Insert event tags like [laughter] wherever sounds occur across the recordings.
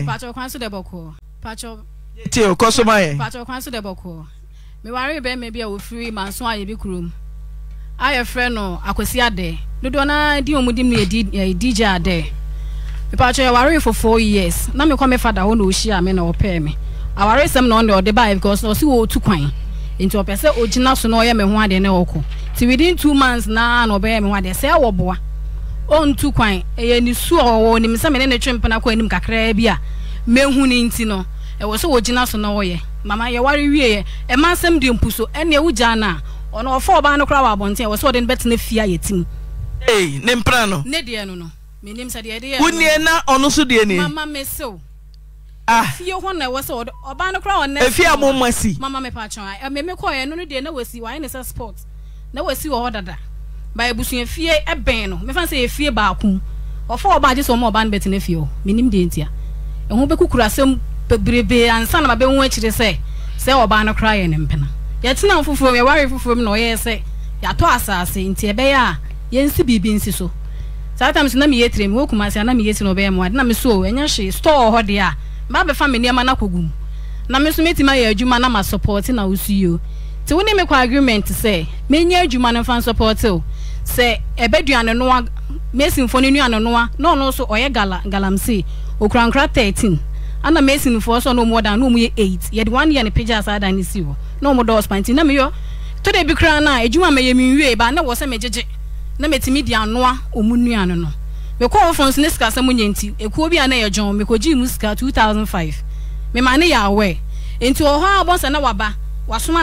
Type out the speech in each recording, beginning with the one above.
yɛ. pàtó kwan so de bɔ pàtó. ti o kɔ soma yɛ. pàtó kwan so de bɔ kɔ mewari bɛrima bi a ofiri manson a yɛbi kurom a yɛfrɛ no akwasi adɛ dodoɔ naa di wɔn mu di mu yɛ eh, dj adɛ mipatwo yɛwari for four years na mekɔ me fada hɔ na ohyia me na ɔpɛɛ me awari sɛm na ɔde ɔde baayɛ because ɔsi wɔ otu kwan nti ɔpɛ sɛ ogyina so na ɔyɛ me ho adeɛ na ɔkɔ ti within two months naa na ɔbɛyɛ me ho adeɛ sɛ ɛwɔ boa. ontu kwan ɛyɛ ne ɔwɔ nim sɛ mene ne twe mpena kɔ anim kakra bi a mehu ne nti no ɛwɔ sɛ wɔgyina so na wɔyɛ mama yɛware wieɛ ɛma nsɛm mpu so no a ɔno ɔfa ɔbaa no kora wɔ abɔnten ɛwɔ sɛ no bɛtena fie a yɛtim ne mpra ne deɛ no no menim sɛ deɛ ɛdeɛ wonie na ɔno so deɛ ah. na ɛwɔ sɛ ɔbaa no kora a si mama a no no deɛ na wɔsi wɔayɛ ne sɛ na wɔ ba ebusuafie ɛbɛn e no mefa sɛ efie baako ɔfɔ ɔbaa agye sɛ ɔmo ɔbaa no bɛtena fie hɔ menim deɛ ntia ɛho bɛkukuru asɛm bebrebe ansa na mabɛhu akyire sɛ sɛ ɔbaa no koraa yɛ ne mpena yɛtena foforɔ mu yɛware foforɔ mu na ɔyɛ sɛ yɛatɔ asase nti ɛbɛyɛ a yɛnsi biribi nsi so saa tam so na meyɛ tire mi wɔkuma ase a na meyɛ ti ɔbɛyɛ mmoa de na meso ɛnyɛ hwee store hɔ deɛ a mba bɛfa me nneɛma no akɔgu mu na me nso mɛtumi ayɛ adwuma na ma support na wosu yio nti wo ne me kɔ agreement sɛ menya adwuma no mfa nsupɔte o sɛ ɛbɛduane noa mesinfoɔ no nuane noa na ɔno nso ɔyɛ gala galamsey 13 ana mesinfoɔ na ɔmu ɔdan na ɔmu yɛ 8 yɛde one year ne pagya saa dan si na ɔmu dɔɔso panti na meyɔ tɔdɛ bi koraa adwuma na wɔ megyegye na de anoa ɔmu nuane no nso ne sika nti bi a na mekɔgyee mu 2005 mema ne yɛ awɛ nti ɔhɔ na waba wasoma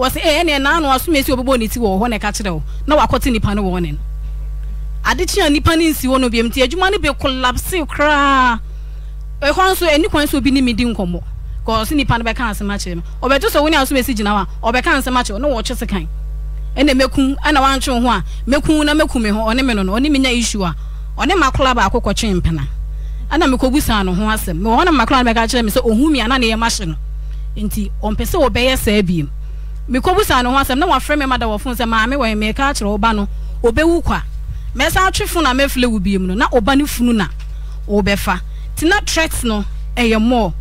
wɔsi ɛyɛ nea eh, nanu asom esi eh, obibɔ ne ti wɔ hɔ na ɛka na wakɔte nipa wɔ ne no adekyea nipa ne nsi hɔ no biem ti adwuma ne bi kolapse koraa eh, ɛhɔ nso ɛni kwan so ne mi di nkɔmɔ kɔɔsi nipa no bɛka asɛm akyerɛ mu ɔbɛto sɛ wɔn gyina hɔ a ɔbɛka asɛm akyerɛ na wɔɔtwe se kan ɛna mɛkun ɛna wantwe ho a na mɛkun mi ho ɔne mi no no ɔne mi nya a ɔne ma kola baako kɔtwe mpena ɛna mɛkɔbu saa no ho asɛm mɛ wɔn na ma kola no bɛka mi sɛ ohun mi ana ne yɛ ma hyɛ no nti mekɔbusa ne ho asɛm na wafrɛ me mada wɔ fon sɛ maame wɔ meka akyerɛ woba no ɔbɛwu kwa mɛsa atwe fo na mɛfile wo biem no na ɔba ne funu na wɔbɛfa nti na threat no ɛyɛ mɔɔ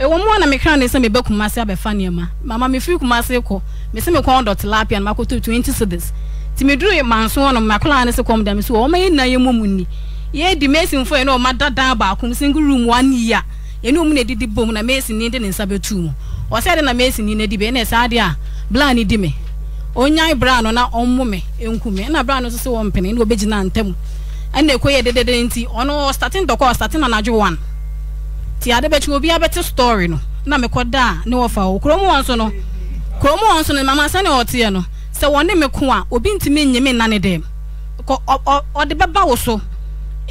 ɛwɔ mu na mekra ne sɛ mebɛ kumase abɛfa nneɛma mama mefiri kumase kɔ mesɛ mekɔ ɔdɔ tilapia na makɔtɔ twenty cedis nti meduru manso hɔ no makɔlaa ne sɛ kɔm da me so wɔma yɛ nna yɛ mɔ mu nni yɛdi mesinfo yɛ no ɔma dadan baako single room one year yɛne ɔmu na ɛdidi bom na mesin ne de ne nsa bɛtu mu ɔsɛ de na mesi ni n'edi bɛ ɛna ɛsɛ adi a bla ni di mi onyan bra no na ɔmo mi enku mi ɛna bra no soso wɔ mpene ɛna obegyina ntam ɛna eko yɛ dedede nti ɔno ɔstatin dɔkɔ ɔstatin anadwo wan ti ade bɛkyi obi abɛte story no na mekɔ da ne wɔfa o kurom wɔn so no kurom wɔn so no mama sani ɔteɛ no sɛ wɔne me ko a obi ntumi nyimi nane dɛm kɔ ɔ ɔde bɛba wo so.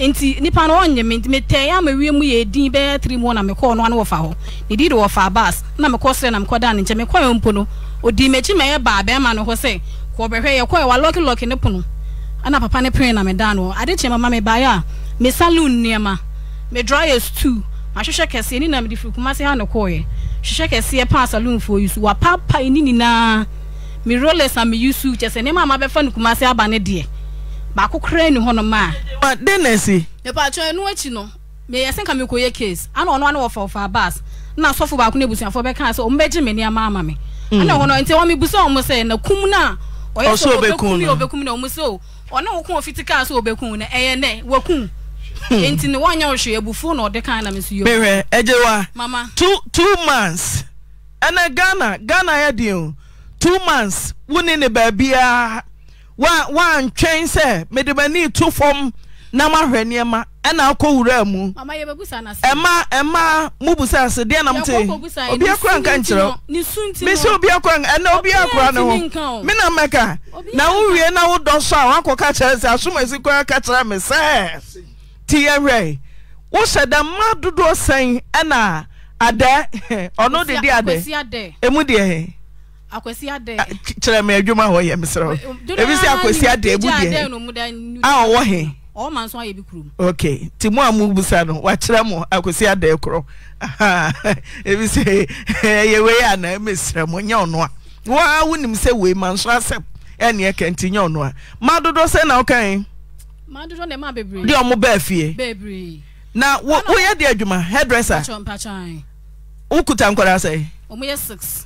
nti nipa no ɔnyɛ me nti metɛn ama wie mu yɛ din bɛyɛ tiri mu na mekɔɔ no ano wɔfa hɔ ne di de wɔfa baas na mekɔ srɛ na mekɔ da ne nkyɛn mekɔ yɛ mpo no odi m'akyi mɛyɛ baa bɛrima no hɔ sɛ kɔ bɛhwɛ yɛ kɔ yɛ wa lɔki lɔki ne pono ɛna papa ne pere na me da no ade kyɛn mama me baayɛ a me saloon nneɛma me dryer stew ahwehwɛ kɛseɛ ne na me de firi kumase ha ne kɔɔ yɛ saloon fo yi so wapaapae ne nyinaa me rollers a me ma bɛfa no kumase aba ne baako kura ni hɔnom a. ma den na esi. nipaatwa enu ekyi no meyɛ sɛ nka mi kɔ yɛ case ana ɔno ano wɔfa ɔfa baas na asɔfo baako na bɛka sɛ ɔmo bɛgye mi nneɛma ama mi. Hmm. ana hɔ nti wɔn mi busa ɔmo sɛ na kum na ɔyɛ ɔbɛkum na ɔbɛkum na ɔmo sɛ o oh. ɔne wo kun ofiti kaa sɛ ɔbɛkum na ɛyɛ nɛ wɔkum. Hmm. nti ne wɔnyɛ ɔhwɛ ebufu na ɔde kan na mi so yɛ. mehwɛ ɛgye wa. mama two two months ɛnna ghana ghana yɛ den o two months wuni ne baabiara. woantwɛn sɛ mede m'ani tu fam na mahwɛ nneɛma ɛna akɔ wura mu ɛma mobusa ase deɛ nam te obia kora nka nkyerɛ mesɛ obia kora ɛnɛ obia kora ne ho mena mɛka na wowie na wodɔ so a woakɔka kyerɛ sɛ asomasi koraa ka kyerɛ me ti nti yɛhwɛ wohyɛ dɛ mma dodoɔ sɛn ɛna adɛ [laughs] ɔno dede adɛ ɛmu deɛ Ah, kyerɛ me adwuma hɔ yɛ meserɛ eh, ebi sɛ akwasi ada mu deɛ a ah, ɔwɔ he ok nti mo a mubusa no wakyerɛ mo akwasi ada korɔ [laughs] ebi sɛ ɛyɛ wei na mesrɛ mo nyɛ ɔno a woa wonim sɛ wei ma nso asɛm ɛneɛ ka nti nyɛ ɔno a ma dodoɔ sɛ na wokae deɛ ɔmo baa fie na woyɛ de adwuma hairdresser wokuta nkɔdaa sɛ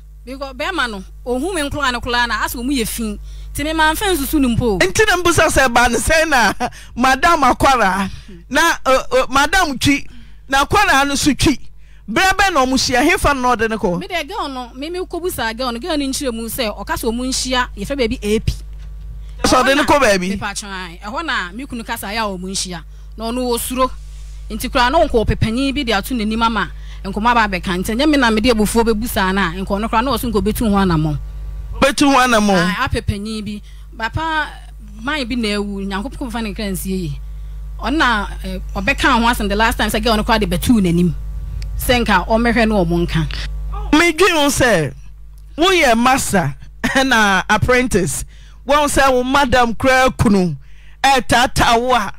because bɛrima oh, no ohun mi nkura ne na asɔ mu yɛ fin te mi maa n fɛn susu ni mpo. nti na mbusa sɛ ba ne sɛn na madam akwara na eh, eh, madam twi na akwara no so twi bẹẹ bẹẹ na ọmọ hyia hefa na ọdẹ ne kọ. mi dẹ gẹ́wọ̀n no mi mi kó busa gẹ́wọ̀n no gẹ́wọ̀n ni n kyerɛ mu sɛ ɔka ɔmo nhyia yɛfɛ baabi epi. sọ ọdẹ ne kọ baabi. pepa atwan ɛhɔ na mi kunu kasa yɛ a ɔmo nhyia na ɔno wɔ suro nti kura no nkɔ pɛpɛnyin bi de ato n'anim ama. nkɔmɔ aba abɛka ntɛ nyɛ mi na mi de ebufuo bɛbu saa na nkɔno kora na ɔso nkɔ bɛtu ho anamɔ. bɛtu ho anamɔ. Ah, apɛpɛnyin bi papa man bi na ewu nyankopɔ fa ne kra nsie yi ɔna eh, ɔbɛka ho asɛm the last time sɛ gɛ ɔno kora de bɛtu n'anim sɛ nka ɔmɛhwɛ no ɔmo nka. medwi ho sɛ woyɛ masa ɛna [laughs] apprentice wɔn sɛ wo madam kura kunu ɛtaataa wo a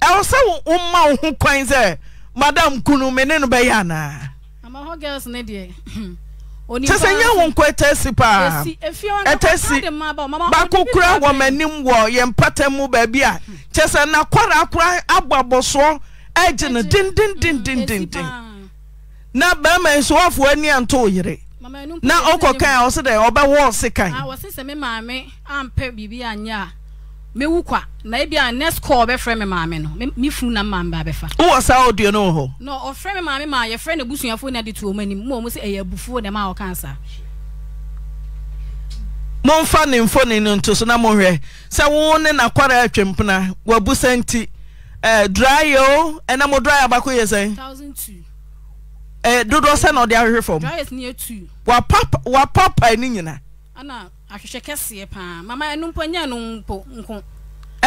ɛwɔ sɛ wo wo ho kwan sɛ madam kunu me ne no bɛyɛ anaa. kyɛ hmm, sɛ nyɛ wo nkɔ atasi paa atasi baako kora wɔ m'anim wɔ yɛ mpata mu baabi a kyɛ hmm. sɛ nakɔra kora abɔ abɔsoɔ agye no dendendendendenden hmm, na barima nso wafoɔ ani anto wo yere na ɔkɔ kan a ɔse dɛ ɔbɛwɔ ɔse kan ah, mewu kwa na ebi a next call bɛfrɛ me maame no me funu na maame ba bɛfa. wowɔ saa audio no hɔ. na ɔfrɛ me maame maa yɛfrɛ ne busuafoɔ na de tu wɔn anim mu a wɔn sɛ ɛyɛ abufuo dɛm a ɔka nsa. momfa ne mfoni no nto so na mohwɛ sɛ wo ne nakwara atwe mpena wabusa nti eh, dry o ɛna mo dry abako yɛ sɛn eh, dodoɔ sɛ na ɔde fam ne nyina ahwehwɛ kɛseɛ paa mama ɛnu mpo nyɛ no mpo nko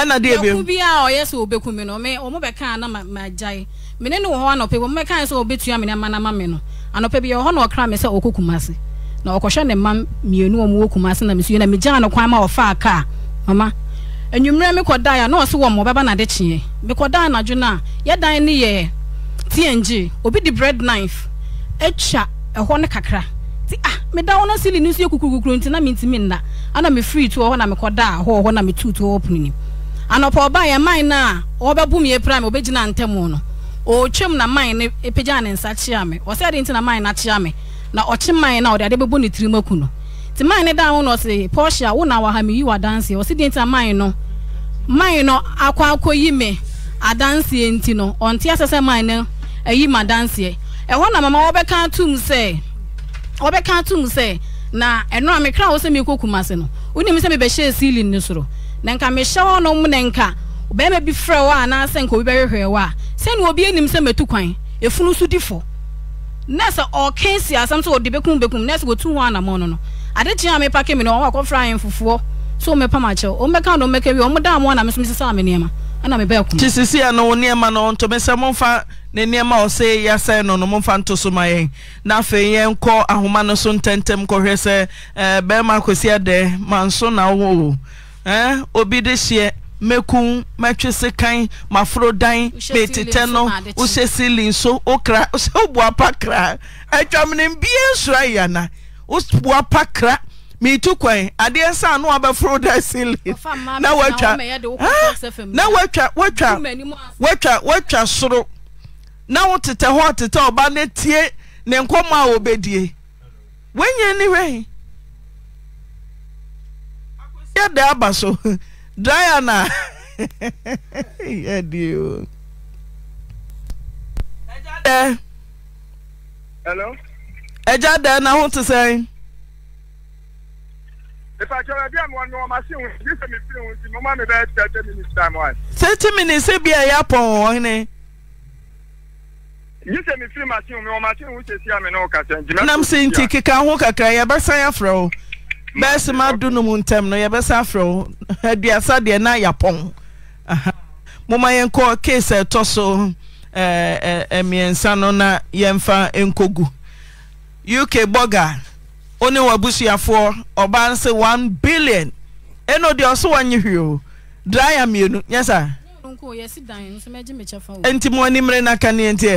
ɛna deɛ bi ɛku bi a ɔyɛ sɛ obeku mi no me ɔmo bɛka na ma mene gyae me ne no wɔ hɔ anɔpɛ wɔn bɛka sɛ obetua mi ne ma na ma mi no anɔpɛ bi yɛ na ɔkra mi sɛ ɔkɔ kumase na ɔkɔhwɛ ne mma mmienu a wɔwɔ kumase na mesu yɛ na me no kwan ma ɔfa kaa mama enyimire mi kɔ dan na ɔsi wɔn mo bɛba na de kyeɛ mi kɔ dan anadwo na yɛ ne yɛ tng obi di bread knife etwa ɛhɔ ne kakra nti ah meda wɔn asili n'isi nsuo kukurukuru nti na mi ntumi nna ana mi firi tu na mi kɔ da hɔ na mi tu tu hɔ pono anɔpɔ ɔbaa yɛ man na mi ntɛm no na man ne epagya ne nsa kyea mi ɔsɛ na man na kyea mi na ɔkye man na ɔde ade ne tirim aku no man na ɔsi na waha mi yi wa ɔsi nti na man no man no akɔ akɔ na mama atum ɔbɛka to mu sɛ na ɛno a mekra wo sɛ mekɔ kumase no wonim sɛ mebɛhyɛɛ sealing no soro na nka mehyɛ hɔ mu na nka bɛrima bi frɛ wɔ anaasɛ nka obi bɛhwehwɛ wɔ a na obi anim sɛ matu kwan efunu so di fɔ nɛɛsɛ ɔɔka si asɛm sɛ bɛkum bɛkum nɛɛsɛ anamɔ no no ade no ɔwɔ akɔfra ayɛn fufuɔ so akyɛw nneɛma ɛna mi bɛɛ kuma. ti sisi yɛ no nneɛma no ntomisɛn mo nfa ne nneɛma a ɔsɛ yasɛn no no mo nfa nto yɛn na afei yɛn kɔ ahoma no so ntɛntɛm kɔhwɛ sɛ ɛɛ bɛrima kɔsi ɛdɛ ma nso na awo ɛɛ obi de hyɛ mekun mɛtwi sekan maforo dan metetɛ no wohyɛ sili nso okra wohyɛ obuapa kra atwam ne mbie nsura yana obuapa kra meetu kwan adeɛ sa no abɛforo da silin na watwa ah! na watwa watwa watwa watwa soro na wotetɛ hɔ tetɛ ɔba ne tie ne nkɔmɔ a wɔbɛdie wɔnyɛ ni hwɛn yɛ da aba so [laughs] dryer na [laughs] yɛ die o. ɛgya dɛ na ho te sɛn ìpàtẹ́wé bí àwọn ọ̀nà ọmọ sí wọn bí sèmi fi wọn sí mo máa mi bẹ́ẹ̀ thirty minutes time one. thirty minutes bí ẹ yà pọ̀ wọ́n ni. yìí sèmi fi màsí wọn ọmọ sí wọn ṣe sí àmì náà kàṣẹ ǹjẹ́. nam si nti kíkà ahó kakra yẹ bẹ sàn afrẹ o bẹẹ sì máa dùn nù mu ntẹm nù yẹ bẹ sàn afrẹ o aduasa deẹ náà yà pọ̀ n. mo máa yẹn kọ kéèsì ẹ̀tọ́ so ẹ̀ẹ̀ẹ̀ mmiɛnsa no na yẹn fa nkogu uk bọ́gà. o wabusuafoɔ ɔbaa nse 1 billion ɛno deɛ ɔso wanye hwee o draya mmienu nyɛ nti mo ani mmere na ne nti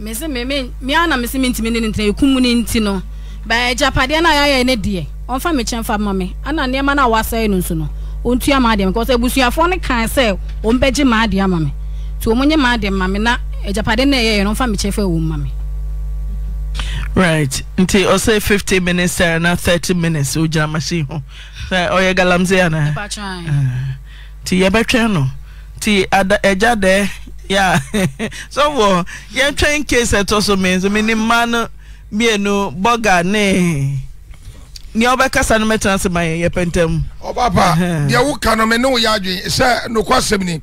mese meme mea na mese mentimi ne ɛkum no nti no no ne deɛ ɔmfa ma me ana nneɛma no a no nso no ɔntua maadeɛ me abusuafoɔ no kae sɛ ɔmbɛgye maadeɛ ama me nti maadeɛ ma me agyapade na ɛyɛ no mfa mekyɛfa wɔ mu ma me right nti ɔsɛ 50 minutes sɛ na 30 minutes ogyina machine ho sɛ ɔyɛ galamsey anaa nti ah. yɛbɛtwɛn no nti ɛgya dɛ ya sɔfo [laughs] yɛntwɛn case ɛtɔ so mi nso mi ni no mmienu bɔga ne nea ɔbɛkasa no mɛtena ase ma yɛ yɛ pɛntɛm. ɔba oh, [laughs] deɛ woka no me ne wo yɛ adwene sɛ nokwasɛm ni.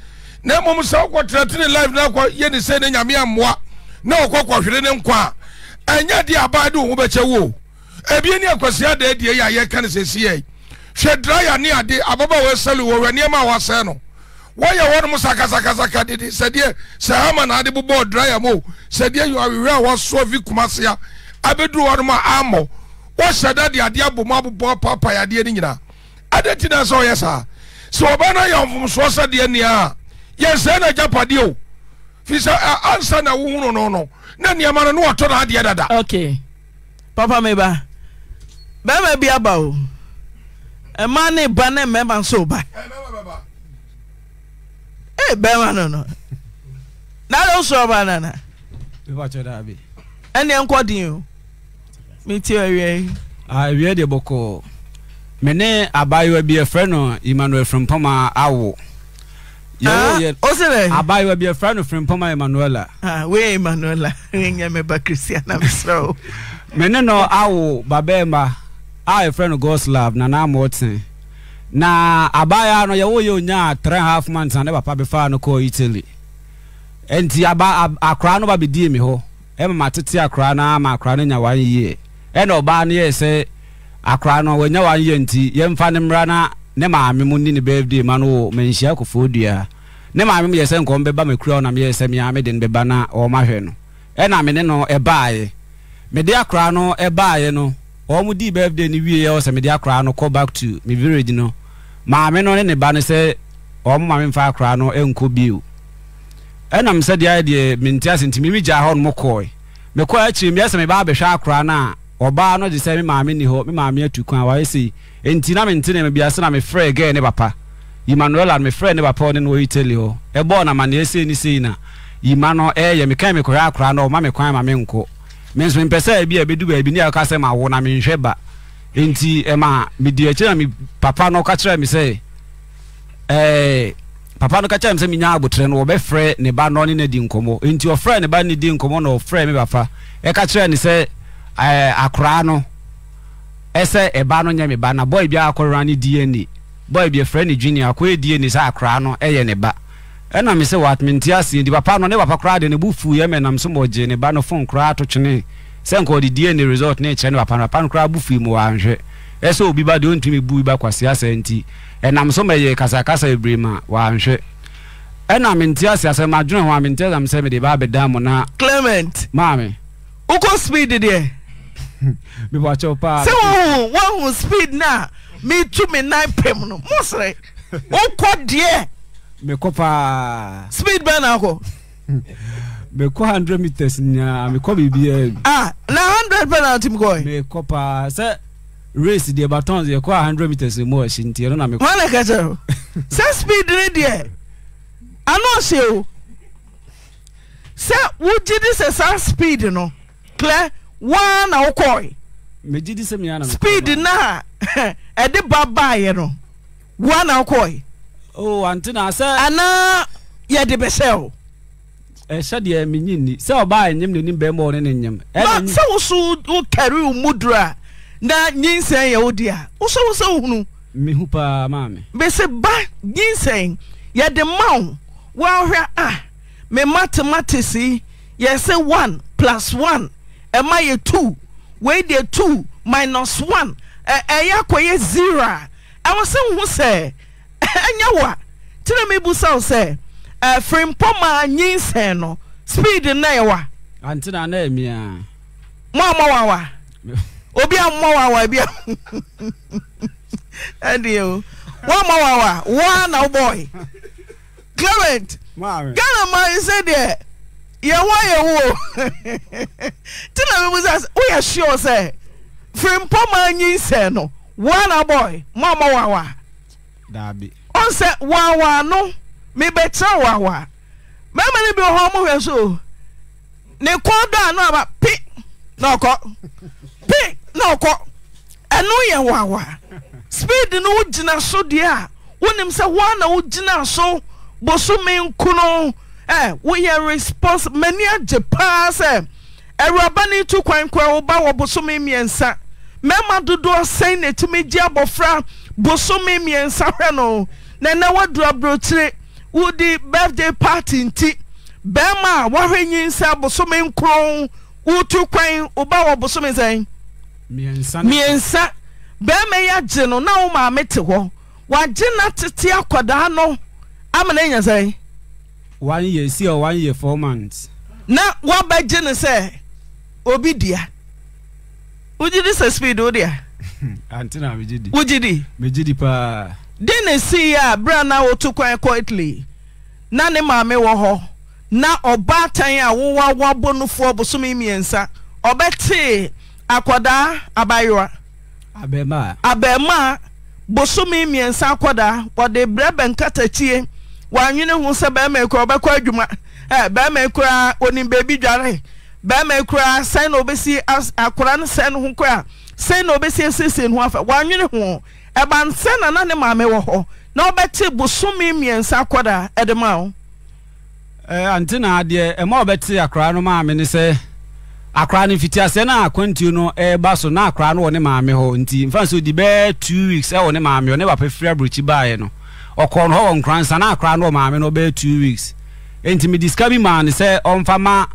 na mmom sɛ wokɔtenatene life na kɔyɛ ne sɛ ne nyame ammoa na wɔkɔ kɔhwere ne nkwa a ɛnyɛ deɛ abaa de wo ho bɛkyɛ wo ebie ne akwasia da adie yɛ a yɛka no sɛ siɛ hwɛ draya ne ade ababa a wɔasɛle wɔwɛ nneɛma a wɔasɛe no wɔyɛ wɔnom sakasakasaka dede sɛdeɛ sɛ hama na ade bobɔɔ draya mu sɛdeɛ yɛawewe a wɔsoɔ vi kumasea abɛduru hɔnom a ammɔ wɔhyɛ da de adeɛ abɔ mu abobɔ papae adeɛ no nyinaa adɛ nti na sɛ ɔyɛ saa sɛ ɔba no ayɛ mfomsoɔ sɛdeɛ nneaa yɛnsɛe na agyapadeɛ o fisa ansa na wohunu no no na nneɛma no ne wɔtɔ no adeɛ dada okay papa me ba bɛrima bi aba o ɛma ne ba ne mmarima nso ba e bɛrima no no n'ale nso ɔba nana ɛnneɛ nkɔ din o mi ti ɛwia ah, yi. ɛwia de bɔkɔ mene abaayewa bi ɛfrɛ no emmanuel frimpoma awo. Ah, abayewa bi ɛfra no frimpɔma emmanuela ah, woyɛ emmanuela ɛnyɛ [laughs] mɛba christiana mesrɛ o [laughs] mene no awo babɛɛma a ɛfrɛ no goslav na morten na abaayewa no yɛwoyɛ onyaa tre half months na ne papa bɛfaa no kɔɔ italy nti aba akora no ba bɛdie me hɔ ɛma matete akora no ama akora no nya wan yie ɛna ɔbaa no yɛ sɛ akora no wanya wan nti yɛmfa ne mmra na ne maame mu ne ne birthday ma no manhyia kofoɔ dua ne maame mu yɛ sɛ nkɔm bɛba mekura ɔnam yɛ sɛ mea mede no na ɔma hwɛ no ɛna me ne no akora no no wie sɛ akora no back to village no maame no ne ne ba no sɛ ma akora no bio sɛ deɛ deɛ ase nti hɔ no sɛ abɛhwɛ akora no a ɔbaa no de sɛ maame ni hɔ nti na mente ne mebia na mefrɛ gɛ ne papa emmanuela mefrɛ ne papa ɔne no wɔ italy hɔ na amaneɛ sei ne sei na ima no ɛyɛ ya mekɔhwɛ akora no ɔma me kwan ma menkɔ menso mepɛ sɛ bi a bɛdu baabi ne ɛka sɛ mawo na menhwɛ ba nti ɛma eh, medi akyi na me papa no ka kyerɛ me sɛ eh, papa no ka kyerɛ me sɛ menya abotire no ne ba no ne no adi nkɔmmɔ nti ɔfrɛ ne ba no di nkɔmmɔ na ɔfrɛ me papa ɛka kyerɛ ne sɛ eh, ɛsɛ ɛba no nyɛ me ba na boy bi akɔra ne dna boy bi efrɛ ne junior akɔyɛ dna sɛ akora no ɛyɛ ne ba ɛna me sɛ wɔatome nte aseɛ nti papa no ne papa koraa de ne bu fuu yɛ ma nam so ma ɔgye ne ba no fon koraa to twene sɛ nka ɔde dna result ne kyerɛ ne papa no papa no koraa bo fii mu wɔanhwɛ ɛsɛ obi ba deɛ ɔntumi bu ba kwasi asɛ nti ɛnam so ma ɛyɛ kasakasa bebree ma wɔanhwɛ ɛna me nte ase asɛ madwene ho a me nte asɛm sɛ mede ba abɛda mu na clement maame wokɔ speed deɛ [laughs] sɛ wohu woahu speed no a metu me nan pɛm no mosere wokɔ deɛ mekɔ paa speed bɛn na akɔ [laughs] mekɔ hundred meters nyinaa mekɔ biribiaa ah na hundred pɛ na atim kɔe mekɔ paa sɛ race deɛ batons yɛkɔ a hundred meters mu ɔhye nti ɛno na mekɔ wane ka kyerɛ sɛ speed ne deɛ ano ɔhye o sɛ wogye de sɛ saa speed no Clear? waa na wokɔe speed na [laughs] ɛde ba baayɛ no waa na wokɔe oh, anaa yɛde bɛsɛ o ɛhyɛ deɛ menyi nni sɛ ɔbaa ɛnyem n'anim bɛrima ɔne ne nyem sɛ wo so wokari wo mu duro a na nyinsɛn yɛ wo de a wo sɛ wo sɛ wohunu mehu paa maame bɛsɛ ba nyinsɛn yɛde ma wo woahwɛ a ah, me mathematics yi yɛsɛ one plus one ɛma yɛ two wei deɛ two minus one ɛyɛ e, e, akɔyɛ zero a ɛwɔ sɛ nhu sɛ ɛnyɛ wa kyerɛ e, mi bu saw sɛ ɛfirimpɔma nyinsɛn no speed na yɛ wa. ante na anayi mia. a mo wa wa obi a mo wa wa bi a ɛdi o wa mo wa wa wa na o boy [laughs] clement ghana man sɛ deɛ yɛwɔ yɛwo nti na mebu sɛ woyɛ hyeo sɛ firimpɔ ma nyi nsɛ no woana bɔe mo ama wawa ɔn sɛ wawa no mebɛkyerɛ wawa mɛma ni bi wɔ hɔ mohwɛ so ne kɔn dɔ ano aba pe na ɔkɔ pe na ɔkɔ ɛno yɛ wawa speed no wogyina so deɛ a wonim sɛ woana wogyina so bosome nkono ɛ woyɛ response m'ani agye paa sɛ awuraba ne tu kwan kora woba wɔ bosome mmiɛnsa mmarima dodoɔ sɛn na etumi gye abɔfra bosome mmiɛnsa hwɛ no na na waduru aburokyire wodi birthday party nti bɛrima a wahwɛ nyinsa bosome nkron wotu kwan woba wɔ bosome sɛn mmiɛnsa bɛrima yi agye no na wo maame te hɔ wagye na tete akwadaa no ama na enya sɛn one year si or one year four months. na wabɛgye ne sɛ obi dia wogye di sɛ speed wo dea [laughs] ante na megye di wogye di megye di paa de ne sii a berɛ na woto kwan kɔ italy na ne maame wɔ hɔ na ɔbaatan a wowa wabɔ nofoɔ bosome mmiɛnsa ɔbɛtee akwadaa abayewa abɛɛmaa abɛɛmaa bosome mmiɛnsa akwadaa wɔde berɛ bɛnkatakye wɔanwene ho sɛ bɛrima kora ɔbɛkɔ adwuma bɛrima koraa onim beebi dware bɛrima koraa sɛn na obɛsi akora no sɛn no ho koraa sɛn na obɛsi asiesie no ho afa wɔanwene ho ɛba na na ne maame wɔ hɔ na ɔbɛte bosome mmiɛnsa akɔda ɛde ma wo. ante na adeɛ ɛma ɔbɛte akora no maame ne sɛ akora no mfiti aseɛ na akwantuo no ɛreba so na akora no wɔ ne maame hɔ nti nfa nso di bɛɛ two weeks ɛwɔ ne maame hɔ ne papa firi aburokyi baeɛ no ɔkɔɔ no hɔ wɔ nkransa na akora no wɔ maame no ɔbɛyɛ two weeks nti mi disika bi maa ne sɛ ɔmfa ma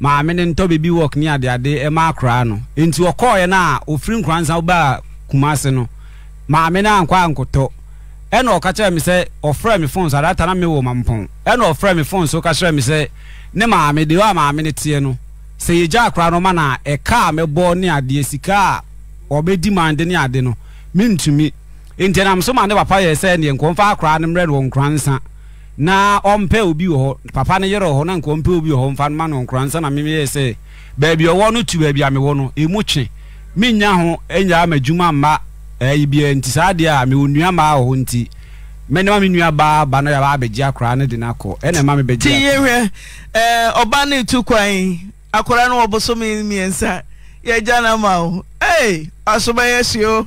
maame ne ntɔ beebi wɔk ne adeade ɛma akora no nti ɔkɔɔyɛ no a ofiri nkransa ɔbaa kumase no maame no ankɔ ankɔtɔ ɛna ɔka kyerɛ mi sɛ ɔfrɛ mi phone so adata na mi wɔ ma mpɔn ɛna ɔfrɛ mi phone so ka kyerɛ mi sɛ ne maame de wa maame ne teɛ no sɛ yɛgya akora no ma na ɛka a mɛbɔ ne adeɛ sika a ɔbɛdi mande ne ade no mentumi nti nam so ma ne papa yɛ sɛ neɛ nkɔmfa akora no mmerɛ no wɔ nkora nsa na ɔmpɛ obi wɔ hɔ papa no yerɛ hɔ na nkɔmpɛ obi wɔ hɔ mfa no ma no nkora nsa na memeyɛ sɛ baabi ɔwɔ no tu baabi a mewɔ no ɛmu twe menya ho ɛnyaa madwuma mma ɛyi biara nti saa deɛ a mewɔ nnua mmaa wɔ hɔ nti mɛne ma me nua baa ba no yɛbaa bɛgye akora no de no akɔ ɛna ma mebɛgye ti yɛhwɛ eh, ɔba no tu kwan akora no wɔbosome mmiɛnsa yɛgya no ma wo ei asobɛyɛ sio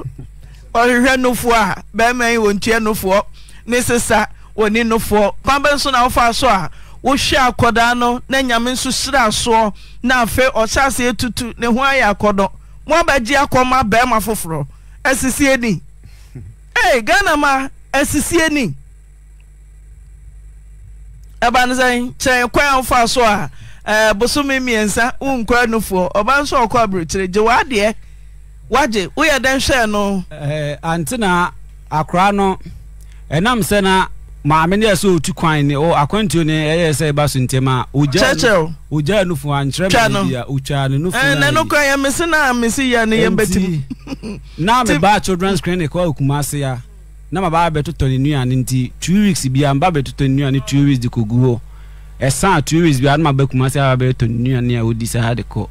ɔhwehwɛ nofoɔ a bɛrima yi wɔntua nofoɔ ne sesa wɔni nofoɔ kwan bɛ nso na wofa so a wohwɛ akɔdaa no na nyame nso hyira soɔ na afe ɔhyɛ aseɛ tutu ne ho ayɛ akɔdɔ mo abɛgye akɔma bɛrima foforɔ asisie ni [laughs] ee ghana ma asisie ni ɛba ne sɛn kyɛn kwan a so a ɛɛ bosome mmiɛnsa wo nkora nofoɔ ɔba nso ɔkɔ aburokyire gye w'adeɛ wagye woyɛ dɛn hwɛ no. ɛɛ eh, na akora no ɛnam sɛ na maame ne yɛ sɛ otu kwan ne o akwantuo ne ɛyɛ sɛ ɛba so ntɛm a ogya kyɛkyɛw ogya nufu ankyerɛ mi bi a otwa ne nufu eh, na yi ɛɛ nanu kwan yɛ mesi na mesi yɛ ne yɛ mbɛti na mi [laughs] ba children's clinic wɔ kumase ya na ma ba abɛtotɔ ne nuane nti two weeks bi a mba abɛtotɔ ne nuane two weeks de ko gu hɔ ɛsan two weeks bi a na ma ba kumase a abɛtɔ ne nuane a odi saa de kɔ.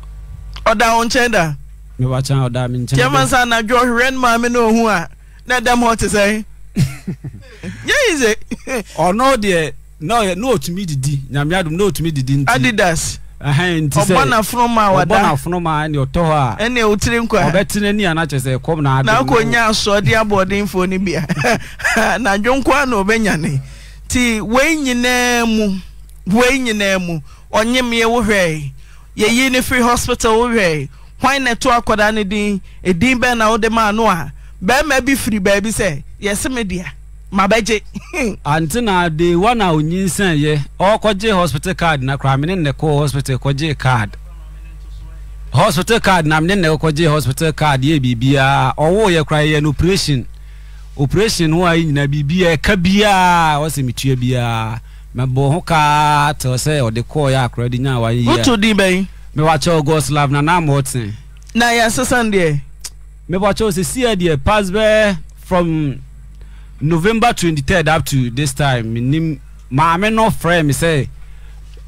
ɔda wɔn nkyɛn da. tiɛma sa anadwo ɔhwerɛ no maame no ɔhu a na ɛdɛm hɔ te sɛn yɛyi se ɔno deɛ na ɔtumi didi nyame adom na ɔtumi didi nti adidas ɔbɔ nafonoma a wadaɔbɔnafonoma ɛne ɔtɔ hɔ a ɛne wotiri nkwa ɔbɛtena ni ana kyerɛ sɛ kɔm na adom na akɔnya asoɔde abɔɔdenfoɔ no bia [laughs] nadwo nko a na ɔbɛnya ne nti wei nyinaa mu wei nyinaa mu ɔnyemyɛ wo hwɛe yɛyi ne firi hospital wo hwɛe hwan na ɛto akwadaa ne din edin bɛn na ɔde maa no a bɛrima bi firi baabi sɛ yɛsi mi dea ma bɛgye. ante de wɔn a onyinsɛn yɛ ɔkɔgye hospital card na koraa mi ne nne kɔ hospital kɔgye card hospital card na mi ne nne kɔgye hospital card yɛ biribiara ɔwɔ yɛ koraa yɛ no operation operation ho a yi nyinaa biribiara ɛka biara ɔsɛ mi tua biara mɛbɔ ho kaa tɛ sɛ ɔde kɔɔ yɛ akora de nyaa wa yɛ. wotu di bɛyi. mewakyɛ goslav na na mɔten na yɛ sesan deɛ mewakyɛ sɛsia deɛ pass bɛɛ from november 23rd up to this time menim maame no frɛ me sɛ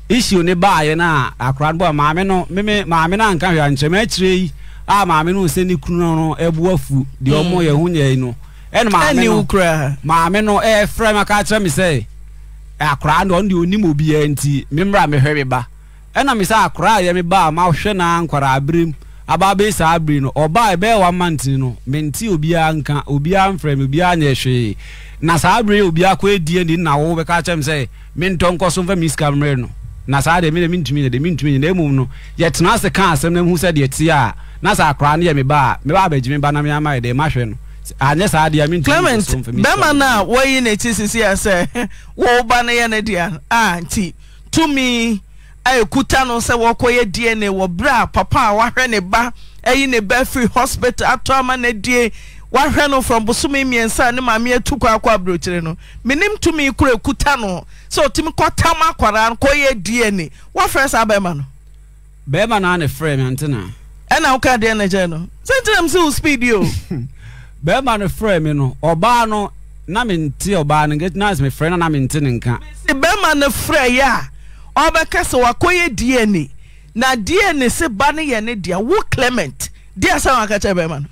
issue ne baayɛ no a akora no bɔ maame no meme maame no anka hwɛ ankyerɛ yi a maame no sɛ ne kunu no ɛbu e afu deɛ ɔmo yɛ ho no ɛne maame maame no ɛfrɛ me aka kyerɛ me sɛ akora no ɔno deɛ obiara nti memmra mehwɛ me ba ɛna misa akora a yɛmi ba ma hwɛ na nkwaraa abirim aba abɛyi saa abiri no ɔbaa ɛbɛyɛ one month no menti obiara nka obiara nfrɛ mi obiara nyɛ hwee na saa abiri obiara kɔ edie ni na wo bɛka kyɛm sɛ mentɔ nkɔ so nfɛ mi sika mmerɛ no na saa deɛ mi deɛ mi ntumi deɛ mi ntumi na emu no yɛtena ase ka asɛm na mu sɛ deɛ tia a na saa akora no yɛ mi ba a mi ba abɛgye mi ba na mi ama yɛ deɛ ma hwɛ no anyɛ saa deɛ mi ntumi so nfɛ mi sika bɛma na [laughs] no yɛ ne deɛ a nti tumi. ekuta no sɛ wɔkɔyɛ dna wɔ berɛ a papa a wahwɛ ne ba na ne ba firi hospital ato ama na die wahwɛ no from bosome mmiɛnsa a ne maame atu kɔ akɔ aburokyire no menim tumi koro ekuta no sɛ otumi kɔtam akwaraa kɔyɛ dna saa bɛrima no. bɛrima naa ne frɛ mi antena. ɛna woka deɛ ne kyɛ no sɛntinam sɛ wo speed o. [laughs] bɛrima no frɛ mi no ɔbaa no na me ɔbaa no na me no na me ne nka. bɛrima no frɛ yɛ a. ɔbɛka sɛ wakɔyɛ dna na dna se ba no yɛ ne dea wo clement deɛ sɛ waka kyerɛ bɛrima no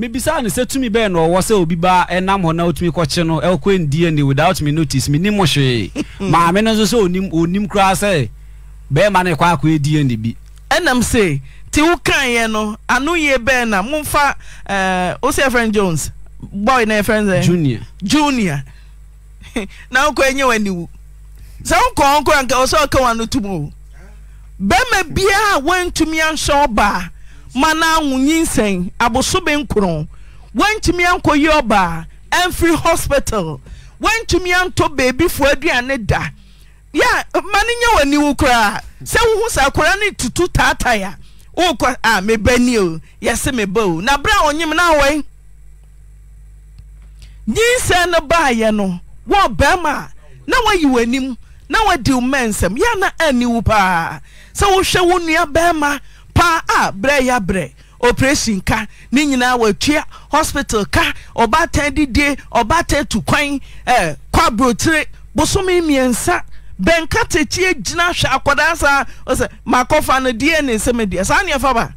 mebisa ne sɛ tumi bɛyɛ na ɔwɔ sɛ obi ba ɛnam hɔ na wotumi kɔkye no ɛkɔ ndna without me notice menim mo hwee maame no nso sɛ ɔnim koraa sɛ bɛrima no ɛkɔ akɔyɛ dna bi ɛnam sɛ nti wokaeɛ no ano yie bɛɛ na momfa wo sɛ friend jones boy na yɛfrɛ sɛ junior junior na wokɔ ɛnyɛ w'aniwu sɛ wokɔɔ nkɔ anka wɔ sɛ ɔka wa no tom o bɛrima biara a woantumi anhyɛ ɔbaa ma no awo nyinsɛn abosobe nkoro woantumi ankɔ ɔbaa ɛmfiri hospital woantumi antɔ beebifoɔ aduane da yɛ ma no nyɛ w'ani wo koraa sɛ wohu sɛ akwaraa no tutu taatae a wokɔ a meba ni o yɛse meba o na berɛ a ɔnyem no awɔe nyinsɛn no baayɛ no wɔ bɛrima a na wayi w'anim na woadi wo ma nsɛm yɛana ani wo paa sɛ wohwɛ wo nnua bɛrima paa a berɛ yɛ berɛ operation ka ne nyinaa watua hospital ka ɔbaatan didie ɔbaatan tu kwan e, kwabrotire bosome mmiɛnsa bɛnka tekyie gyina hwɛ akwadaa saa ɔsɛ makɔfa no deɛ ne nsɛm deɛ saa neɛ fa ba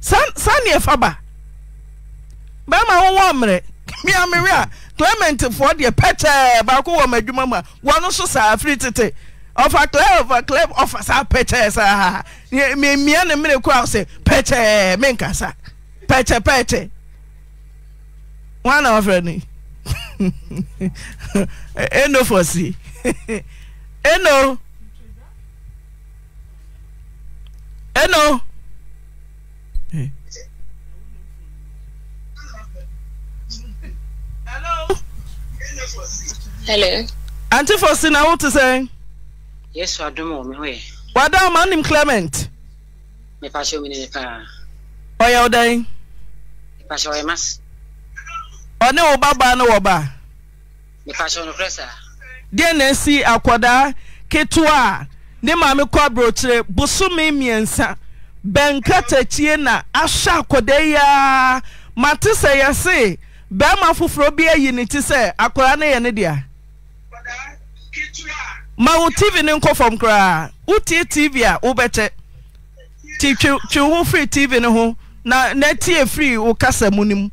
saa neɛ fa ba bɛrima wowɔ mmerɛ miamewe a clamentefoɔ deɛ pɛkyɛɛ baako wɔ ma adwuma mu a wɔno so saa afri tete ɔfa kl fa sa pɛkyɛɛ saa mimia ne mere kora o sɛ pɛkyɛɛ menkasa pɛkyɛ pɛkyɛ wana wfrɛno nofɔ s hello aunty fosi na wote sɛn yesu adum wɔ me ho yɛ wada ma nim clement mepa hyɛ omini ne paa ɔyɛ ɔdan mepa hyɛ ɔyɛ mas ɔne wo babaa ne wɔ ba mepa hyɛ ɔnokorɛ saa deɛ na asi akwadaa ketewa a ne maame kɔ aburokyerɛ bosome mmiɛnsa bɛnka takyie na ahyɛ akwadaa yi a mate sɛ bɛrima foforɔ bi ayi ne ti sɛ akwaraa ne yɛ ne a ma wo tv no nkɔ fam koraa wotie tv a wobɛkyɛ nti twe ho firi tv no ho na na tie firi wo kasa mu no mu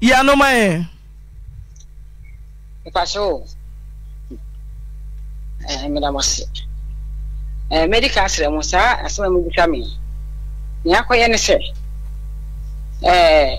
yɛ anoma yɛ eh, eh, medical srɛ mu saa asɛm a mubisa me ne sɛ eh,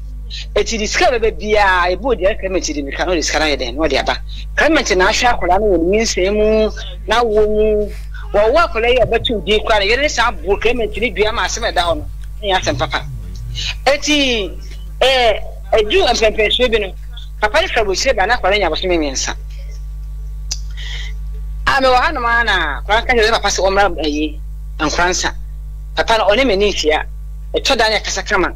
etiri sika bɛbɛ biara ebi odi ara kɛmɛ tiri nika n'odi sika n'ayɛ dɛn n'odi aba kɛmɛ ti n'ahwɛ akwadaa no wɔ ne mu n'awo mu wɔwɔ akwadaa yi a ɔbɛtu di kura yɛrɛ san bu kɛmɛ tiri dua ma asɛm ɛda hɔ no ne yɛ asɛm papa eti ɛɛ edu mpɛmpɛnsuo bi no papa ne fɛ bɔsire ba n'akwadaa nya abɔsɔmi mmiɛnsa a mɛ wɔ ha nom a na akwadaa nka kyerɛ papa sɛ ɔmmra ɛyi nkwadaa nsa papa no ɔne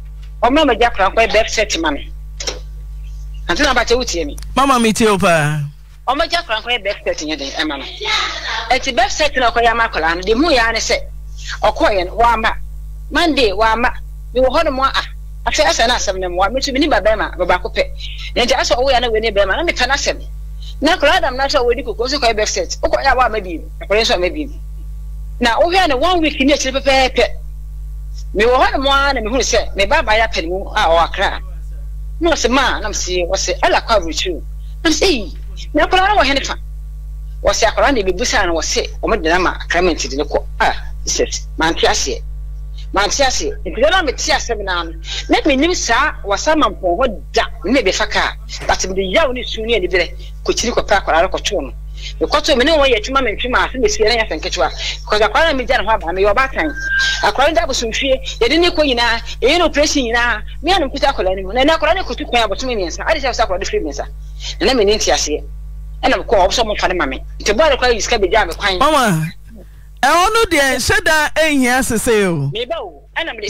ɔmuna ma gya kora nkɔ ɛbɛ sɛti ma mi nti na abatɛ wutie mi. mama mi tie o paa. ɔmɔ gya kora nkɔ ɛbɛ sɛti nyɛ de ɛma no ɛti bɛ sɛti na ɔkɔ yɛ ama akɔla no de mu yɛ ano sɛ ɔkɔ yɛ no ma. mande wama mi wɔ hɔ nom a afɛ asɛ na asɛm ne mu wa mi tu mi ni ba bɛrima babaako pɛ nti asɛ ɔwɔ yɛ na wɔ ne bɛrima na mi pɛ na asɛm na kora adam na sɛ ɔwɔ ni koko nso kɔ ɛbɛ sɛti ɔkɔ yɛ awɔ ama bi mu akɔla nso ama bi mu na ɔhwɛ no one week ni akyire mewɔ hɔ nom ara na mehunu sɛ me baaba yɛ apɛ ne mu a ɔwɔ akra na ɔsɛ ma nam se ɔsɛ ɛla kɔ aburokyiri nam sɛ ei na akwadaa no wɔ hene fa wɔsɛ akwadaa no ebibu saa no wɔsɛ wɔn de nam a akramenti de ne kɔ a sɛ mante aseɛ mante aseɛ nkwadaa no a mete asɛm naa no na menim saa wɔsa ma mpɔn hɔ da ne na ebefa kaa but mede yaw ne su ne aniberɛ kɔkyiri kɔpɛ akwadaa no kɔtoo no mekɔtɔ mu ne wɔn yɛ adwuma mi ntwima ase mesie na yɛ fɛ nketewa because akwara mi gya ne ho abaa mi yɛ ɔbaatan akwara ne da abosomfie yɛde ne kɔ nyinaa eyi ne operation nyinaa mi a no nkuta ne mu na ɛna akwara ne kotu kwan abotoma mmiɛnsa adi sɛ ɔsɛ akwara de firi mmiɛnsa na na mi ne nti aseɛ ɛna mi kɔ ɔbɛsɛ ɔmo fa ma mi nti bɔɔl akwara yi sika bi gya mi kwan. mama ɛwɔ no deɛ nhyɛ da ehia sese o. mi bɛ o ɛna mi de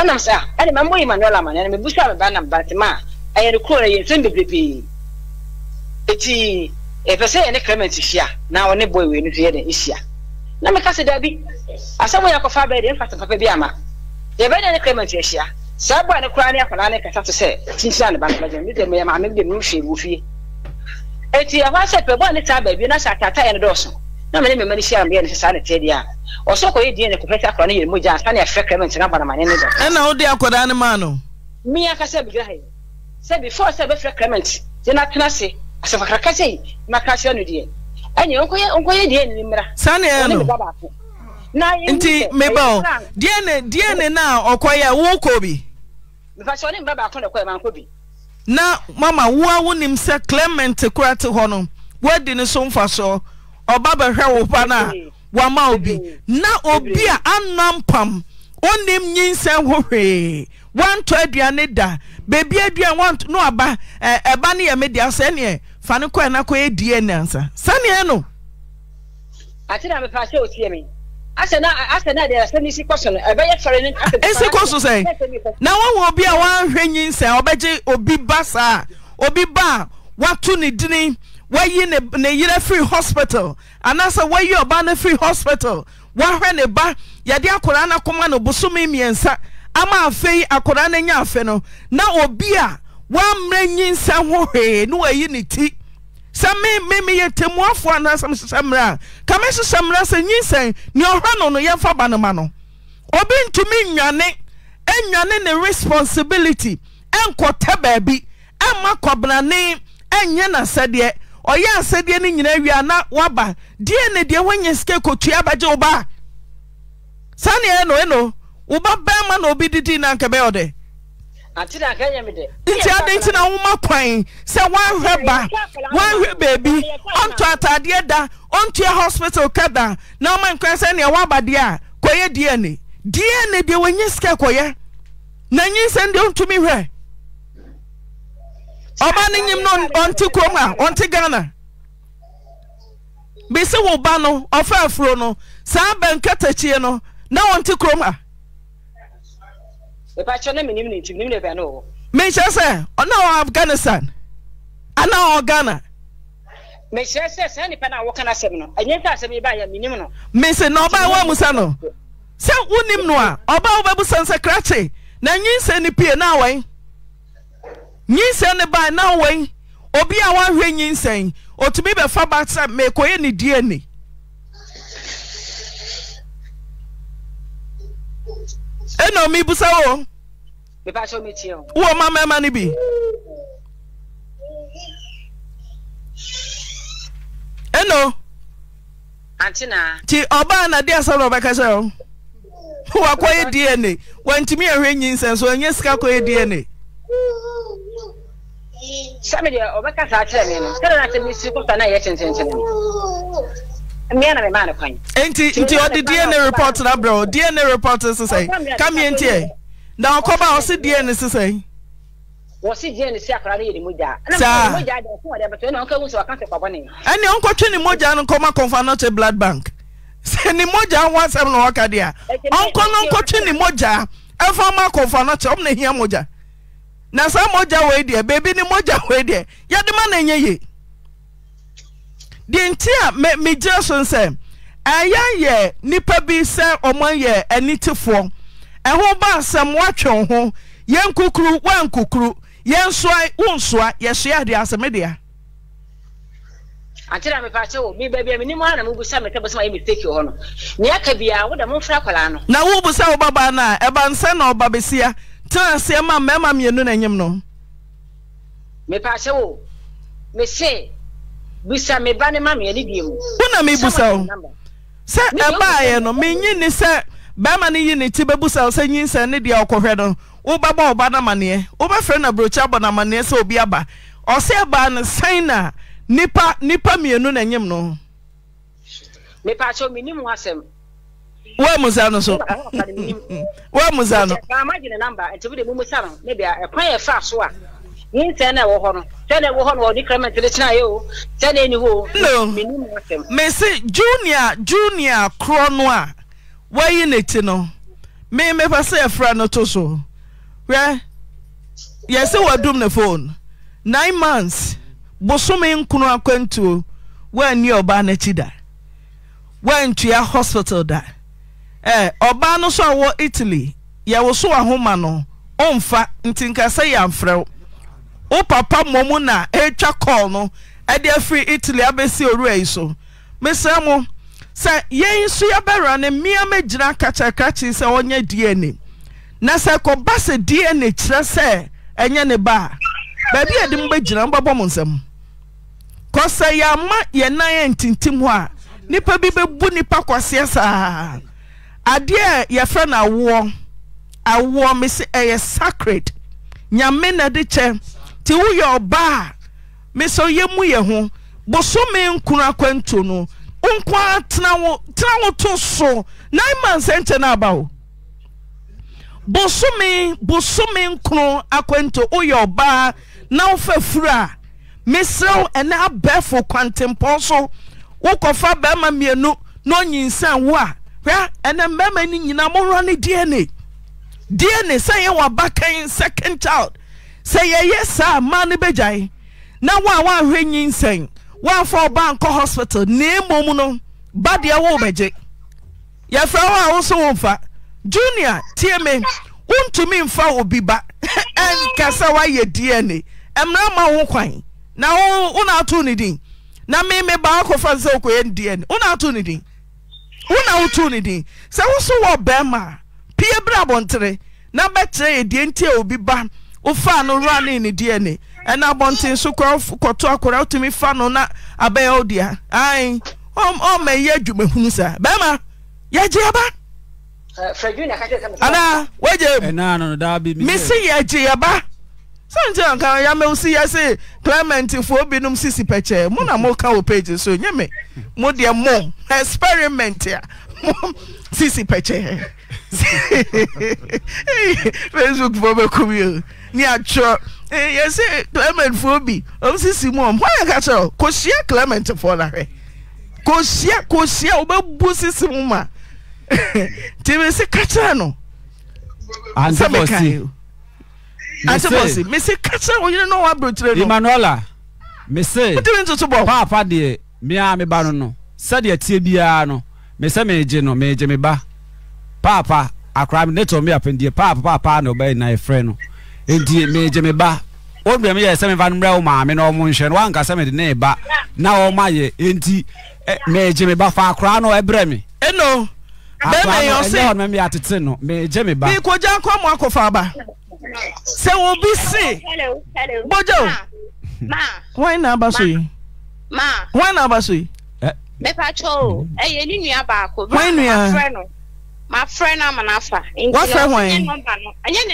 anam sɛ ɛde ma mbɔ emmanuel amane no mebusa meba nam batema a ɛyɛ no kuro no yɛ nsɛm bebrebee ɛti ɛpɛ sɛ yɛne clement hyia na ɔne bɔ ewei no so yɛde ɛhyia na meka sɛ daabi asɛm yɛ akɔfa bɛɛ deɛ mfata papa bi ama yɛbɛda ne clement ahyia saa bɔ a ne koraa ne akwadaa ne kasa to sɛ kyinkyina ne ba no bɛgya medɛ meyɛ maame bi de mehwɛ wɔ fie ɛti ɛhɔ asɛ pɛ bɔ ne saa baabi na sɛ ataataa yɛ no dɔɔso na mene mmemme si ambeɛ no sɛ saa ne teɛ deɛ a ɔsɛ kɔyɛ deɛ ne kɔpɛ sɛ akɔda no yɛrɛ mogya ansa ne ɛfrɛ krɛmɛ ntina banamane ne dɔ ɛna wode akɔda ne maa no mia sɛ bigra hɛ sɛ before sɛ bɛfrɛ krɛmɛnt gye no atena se asɛfakraka sɛ yi maka kyerɛ no deɛ ɛnyɛ ɔnkɔyɛ ɔnkɔyɛ deɛ ne mmra saa ne ɛyɛ no nti mebɛ o deɛ ne deɛ ne na ɔkɔyɛ wokɔ bi mepasɛ ɔne mbra baako na ɛkɔyɛ mankɔ bi na mama wo a wonim sɛ clement kora te hɔ no woadi ne so mfa soɔ ọba bɛhwɛ wo pa no a wama obi na obi a anam pam onim nyinsɛn ho hwee wantɔ aduane da beebi aduane wantɔ no aba ɛɛ ɛba ne yɛ me deɛ sɛneɛ fani kɔɛ na kɔɛ die nansa sɛneɛ no. ati na mepa se o tie mi asɛ na asɛ na deɛ asɛ n'isi kɔsɔ no ɛbɛyɛ fɛrɛ ne. esi kɔsɔ sɛ na wɔn wɔ obi a wɔn ahwɛ nyinsɛn ɔbɛgye obi ba saa obi ba a watu ne dini wayi ne ne yere free hospital anaasɛ wayi ɔbaa no free hospital wahwɛ ne ba yɛde akwadaa no akoma no bosome mmiɛnsa ama afei akwadaa no anya afɛ no na obi a wammerɛ nyinsa ho hwee na wayi ne ti sɛ me me me yɛ temuafoɔ anaasɛ mehyehyɛ mmerɛ a ka mehyehyɛ mmerɛ sɛ nyinsɛn ne ɔhwɛ no no yɛmfa ba no ma no obi ntumi nnwane ɛnnwane ne responsibility ɛnkɔtɛ baabi ɛmma kɔbenane ɛnyɛ n'asɛdeɛ ɔyɛ asɛdeɛ no nyina wie a na waba deɛ ne deɛ woanya sika kɔtua abagye wo baa saa nea no ɛno wo ba bɛrima na obi didi na anka bɛyɛ ɔdɛ nti adɛn nti na woma kwan sɛ woanhwɛ ba woanhwɛ baabi ɔntɔ ataadeɛ da ɔntua hospital ka na ɔma nkwan sɛ nea a kɔyɛ deɛ ne deɛ ne deɛ sika kɔyɛ na deɛ ɔntumi hwɛ ọba no nyim no ɔnte kom a ɔnte ghana bisi wo ba no ɔfa afuro no saa bɛnkatakyie no na ɔnte kurom a menkyerɛ sɛ ɔna ɔ afghanistan anaa ɔ ghana mekyerɛ sɛ saa nipa no a wɔka no asɛm no ɛnyɛ sɛ asɛm yi baayɛ menim no mese na ɔbaa woamusa no sɛ wonim no a ɔbaa wobɛbusa no krakye na nyinsɛ no pie na awɛn nyinsɛn ne baa na wei obi a wahwɛ nyinsɛn otumi bɛfa ba sɛ mekɔyɛ ne die ne ɛna omi busa wo wowɔ ma mma no bi ɛno nti ɔbaa na de asɛm na ɔbɛka kyerɛ wo wakɔyɛ dna wantumi ahwɛ nyinsɛn so ɔnyɛ sika kɔyɛ dna sami deɛ ɔbɛka saa kyerɛ me no sɛdeɛ nakyɛ mesi kɔsa no a yɛ kyenkyɛnkyɛn no mmea na mema ne kwan enti nti ɔde dna report na brɛ dna report sesɛe ka mmiɛ ntiɛ na ɔkɔba a ɔse dna so wɔsi diɛ ne si akwaraa saa ɛna mogya de ɔkun wɔde abɛtɔ ɔnkɔtwe ne mogya no nkɔma kɔnfa blood bank sɛ ne mogya ho asɛm na ɔka deɛ ɔnkɔ no nkɔtwe ne mogya ɛfa ma kɔnfa no te ɔmo mogya. na saa mogya wei deɛ beebi ne mogya wei deɛ yɛde ma na ɛnyɛ ye deɛ nti a gye so n ɛyɛ yɛ nnipa bi sɛ ɔma yɛ ɛho ba asɛm ho yɛn kukuru yɛn soa yɛsoa asɛm mepa bi baabi a menim ana mobusa meka bɛsɛ mayɛ mistake hɔ no neɛ biaa wode momfra akwaraa no na wobusa no a ɛba nsɛ na ɔba bɛsia tena aseɛ ma mmarima mmienu na enyim no. mepaase wo mese busa me ba ne ma mmienu bi mu. wona mi busa o sɛ ɛbaayɛ no menyi ne sɛ bɛrima no yi ne ti bɛbusa sɛ nyinsɛn ne deɛ ɔkɔhwɛ no wobɛbɔ ɔba no amanneɛ wobɛfrɛ no aburokyi abɔ no amanneɛ sɛ obi aba ɔsɛ ɛbaa no sɛn na nipa nipa mmienu na enyim no. mepaase o menim ho asɛm wọ́n mu sa no so wọ́n [laughs] uh, mu sa no. maama gye ne namba nti bi de mumu sa no ne bia ɛkwan yɛ fa so a yin sɛn na ɛwɔ hɔ no sɛn na ɛwɔ hɔ no wɔde kremant ne kyerɛ ayɛ o sɛn na ɛni hɔ o. no junior junior korɔ no a wɔyi ne ti no mi mepa sɛ ɛfra e no to so hwɛ yɛsi wɔdum ne phone nine months bosome nkunu akwantuo wɔn ani ɔbaa n'akyi da wɔn ntua hospital da. ɔbaa no so a wɔ italy yɛwoso wahoma no ɔmfa nti nkasɛ yɛ amfrɛw wo papa mmɔmu na ɛtwa kɔɔ no ɛde afiri italy abɛsi owurayi so mesrɛ mo sɛ yɛn nso yɛbɛwura ne mmea mɛgyina kakyakrakye sɛ ɔnyɛ dna na sɛ kɔba sɛ dna kyerɛ sɛ ɛnyɛ ne ba a baabi a yɛde m bɛgyina mbɛbɔ mo nsɛm kɔ ama yɛama yɛnan a ntintim hɔ a nnipa bi bɛbu nnipa kɔseɛ saa adeɛ yɛfrɛ no awoɔ awoɔ me sɛ ɛyɛ sacred nyame na de kyɛ nti woyɛ ɔba a mesɛ yɛ mu yɛ ho bosome nkunu akwantuo no nko a tena wo to so na ma nsɛ nkyɛ aba wo bosome bosome nkunu akwantuo woyɛ ɔbaa na wofa furu a mesrɛ wo ɛnɛ abɛɛfo kwantempɔn so wokɔfa bɛrima mmienu na ɔnyinsan wo a hwɛ ɛnɛ mmarima no nyinaa mowura ne dna dna sɛ yɛ waba kan second child sɛ yɛyɛ saa mmaa no bɛgyae na wo a woahwɛ nyinsɛn woamfa ɔba nkɔ hospital na mmom no ba deɛ wo bɛgye yɛfrɛ wo a wo so womfa junior tie me wontumi mfa obi ba [laughs] ɛnka sɛ dna mmara ma wo kwan na wo na ato ne din na me baako ba akɔfa sɛ dna wo na ato ne din wona woto no din sɛ woso wɔ barima pie berɛ abɔntere na bɛkyerɛ yɛ nti obi ba wofaa no wra ne ne deɛ ne ɛna abɔnten so kora kɔto akora wotumi fa no na abɛyɛ wo dea ae ɔma yɛ adwuma hunu saa bɛrima yɛgye aba anaa woagye santi anka ya mɛ si yɛ se clement fo binom sisi pɛkyɛ mu na mo ka o page so nye mi mo deɛ mo experiment a mo sisi pɛkyɛ [laughs] facebook fo bɛ kum yi o ni atwerɛ yɛ se clement fo bi o sisi mu o mo ayɛ ka kyerɛ o ko hyia clement fo na hwɛ ko hyia ko hyia o bɛ bu sisi mu ma [laughs] tèmi si kakyira no sɛ mɛ ka yi ase bɔsi mesi kasa oyin na wa aburokyire no. emmanuela mesi. o ti mi ntutu bɔ. paapa deɛ mia mi ba no no sɛdeɛ tie biara no mesi mi gye no mi gye mi ba paapa akora mi ne tɔ mi apɛndeɛ paapa paapa na ɔbɛn na efrɛ no nti mi gye mi ba wọn bẹrẹ mi yẹ sẹmi fa numrẹ wọn maame na ọmọ nhwẹ wọn nka sẹmi de ne ba na ọmọ ayẹ eti mẹjẹ mi ba fa akora na ẹbrẹ mi. ẹnu bẹẹ mi yọ sí akora na ẹnyẹ ọdún mi yà tètè no mẹjẹ e, mi e, e, ba. mi kò já kọ́ mu akọ ba sɛ obi se bɔgyɛw hwan na aba so yi hwan na aba so yi. mepatwa o ɛyɛ ne nua baako hwan nua mafrɛ no ama nafa wafrɛ hwan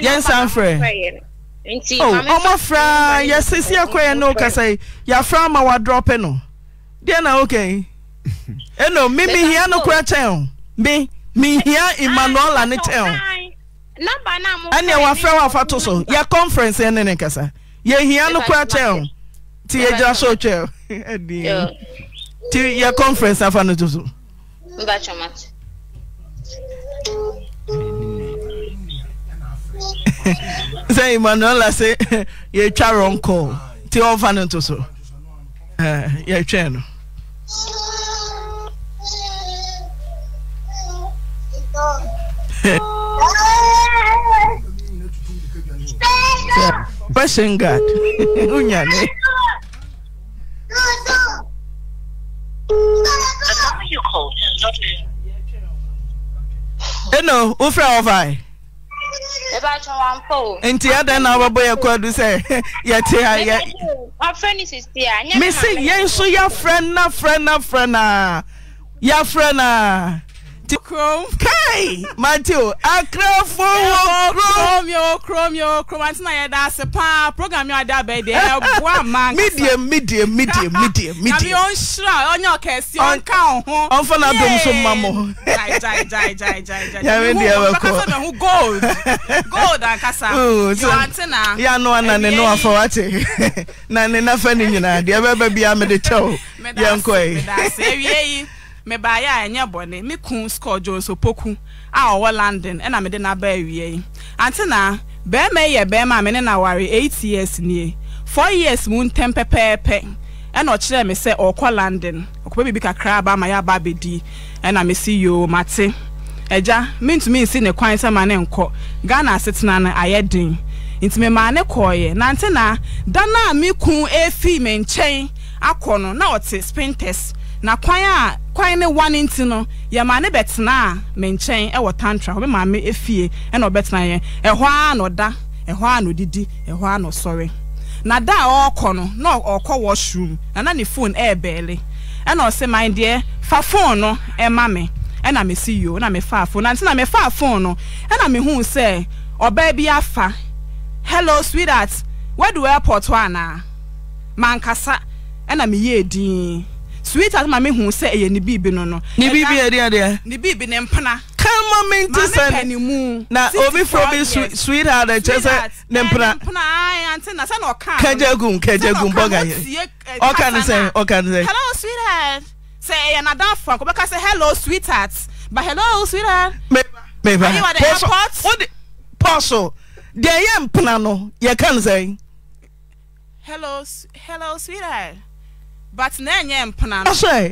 yɛnsan frɛ ɔmɔ fra yɛsisi ɛkɔyɛ no kasa yi yɛafra ama wadrɔpe no deɛ na oke ɛno me mehia no kora kyɛn o me Mi ah, emmanuela ne kyɛn o nọmba náà mo. ẹni ẹ wà fẹ́ wà fa to so yẹ conference ẹni ní nkasa yẹ hìyà no kura kyẹ́ o ti yẹ gyina so kyẹ́ o ẹni yẹ ti yẹ conference afa no to so. mba chọma. [laughs] sẹ emmanuel ase yẹ twa wrong call ti ọ fa no to so yẹ twẹ́ no. Yeah. [laughs] Yeah. Fashion guard. [laughs] Unyane. Eno, ufra ofai. Eba chwa mpo. Nti ada na wabo ya kwadu se. [laughs] Ya te ha ya. My friend is here. Me say yen so ya friend na friend na friend na. Ya friend na. kurom. kai matthew akrafo wɔ kurom. yɛwɔ kurom yɛwɔ kurom ante na yɛda ase paa program ọ ɔda abɛɛ ọ ɛboa maa nkasa. medium medium [laughs] medium medium medium. na mi o n ṣira ɔnyɛ ɔkɛse ɔnka ɔho. ɔnfɔ na dom so ma jai jai jai jai jai jai. [laughs] yàrá mi yà bɛ gold gold ankasa. yɔ ante na [laughs] mebaeɛ a ɛnyɛ bɔne me kun score jones opoku a ɔwɔ london ɛna de n'aba awie yi ante na bɛrima yi yɛ bɛrima a me ne na ware eight years nie four years mu ntɛm pɛpɛɛpɛ ɛna ɔkyerɛɛ me sɛ ɔkɔ london ɔkɔpɛ biribi kakra aba ma yɛaba abɛdi ɛna mesi yoo mate ɛgya ntumi nsi ne kwan sɛ ma ne nkɔ ghana asetena no ayɛ den nti ma ne kɔɔeɛ nante na da no a me kun ɛfii me nkyɛn akɔ no na ɔte spintest na kwan a kwan ne wa ne nti no yɛ maame bɛtena a me nkyɛn ɛwɔ tantra ɔbɛ maame efie ɛna ɔbɛtena yɛn ɛhɔ a na ɔda ɛhɔ a na ɔdidi ɛhɔ a na ɔsɔre na da a ɔrekɔ no na ɔrekɔ washroom na na ne phone ɛɛbɛɛle ɛna ɔsɛ man deɛ fa phone no ɛma me ɛna me si yoo ɛna me fa phone na nti na me fa phone no ɛna me hu sɛ ɔbaa bi afa hello sweetheart wadu airport hɔ anaa mankasa ɛna me yie dinn. sweet as maame hu sɛ ɛyɛ ne biibi no no. ne biibi yɛ deɛ deɛ. ne biibi ne mpana. kama mi ti sɛ na obi fura bi sweet heart ɛkyɛ eh, sɛ ne mpana. ne mpana ante na sɛ na ɔka. kɛjɛ gun kɛjɛ gun bɔga yɛ eh, ɔka ne sɛ ɔka ne sɛ. hello sweet heart sɛ ɛyɛ nadanfo akɔbɛ ka sɛ hello sweet heart but hello sweet heart. mɛ mɛ ba pɔsɔ o de pɔsɔ mpana no yɛ ka ne hello hello sweet heart but na ɛnyɛ mpena no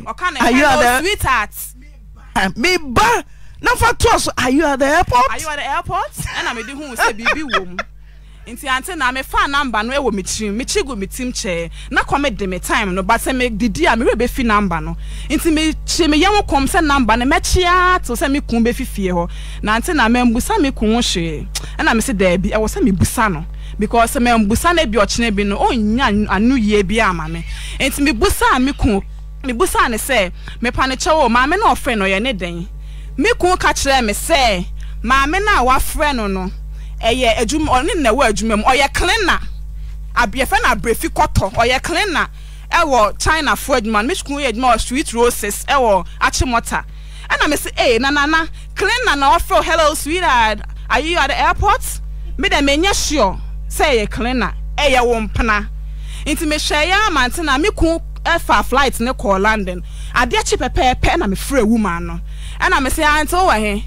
ɔka ne hello sweet heart. mi ba n'afa to so are you at the airport. are you at the airport ɛna mi di hu sɛ biribi wɔ mu nti ante na mi fa namba no ɛwɔ mi tirim mi kyi gu mi tim kyɛɛ na kɔ mi di mi time no but mi didi a mi wɛ bɛ fi namba no nti mi kyi mi yɛn kɔm sɛ namba no mɛkyia to sɛ mi kun bɛ fi fie hɔ na ante na mɛ mbusa mi kun ho hwee ɛna mi si dɛɛbi ɛwɔ sɛ mi busa no. because mɛ mbusa um, na ebi ɔkyerɛ bi no ɔnya anu yie bi ama mi nti mi busa mi kun mi busa ne sɛ mipa ne maame na ɔfrɛ no ɔyɛ ne den mi kun ka kyerɛ mi sɛ maame na wafrɛ no no ɛyɛ adwuma ɔne na ɛwɔ adwuma mu ɔyɛ cleaner abiyɛfɛ na abrefi kɔtɔ ɔyɛ cleaner ɛwɔ china fo adwuma no mi kun yɛ adwuma wɔ sweet roses ɛwɔ akyemɔta ɛna mi sɛ ee nanana cleaner na ɔfrɛ hello sweetheart are you at the airport mi dɛ mɛ nyɛ sure. sɛ ɛyɛ cleaner ɛyɛ wo mpena nti mehwɛ yɛ amante na meku ɛfa flight ne kɔɔ london adeɛ kye pɛpɛɛpɛ na mefrɛ woman no ɛna mesɛ ante wowɔ he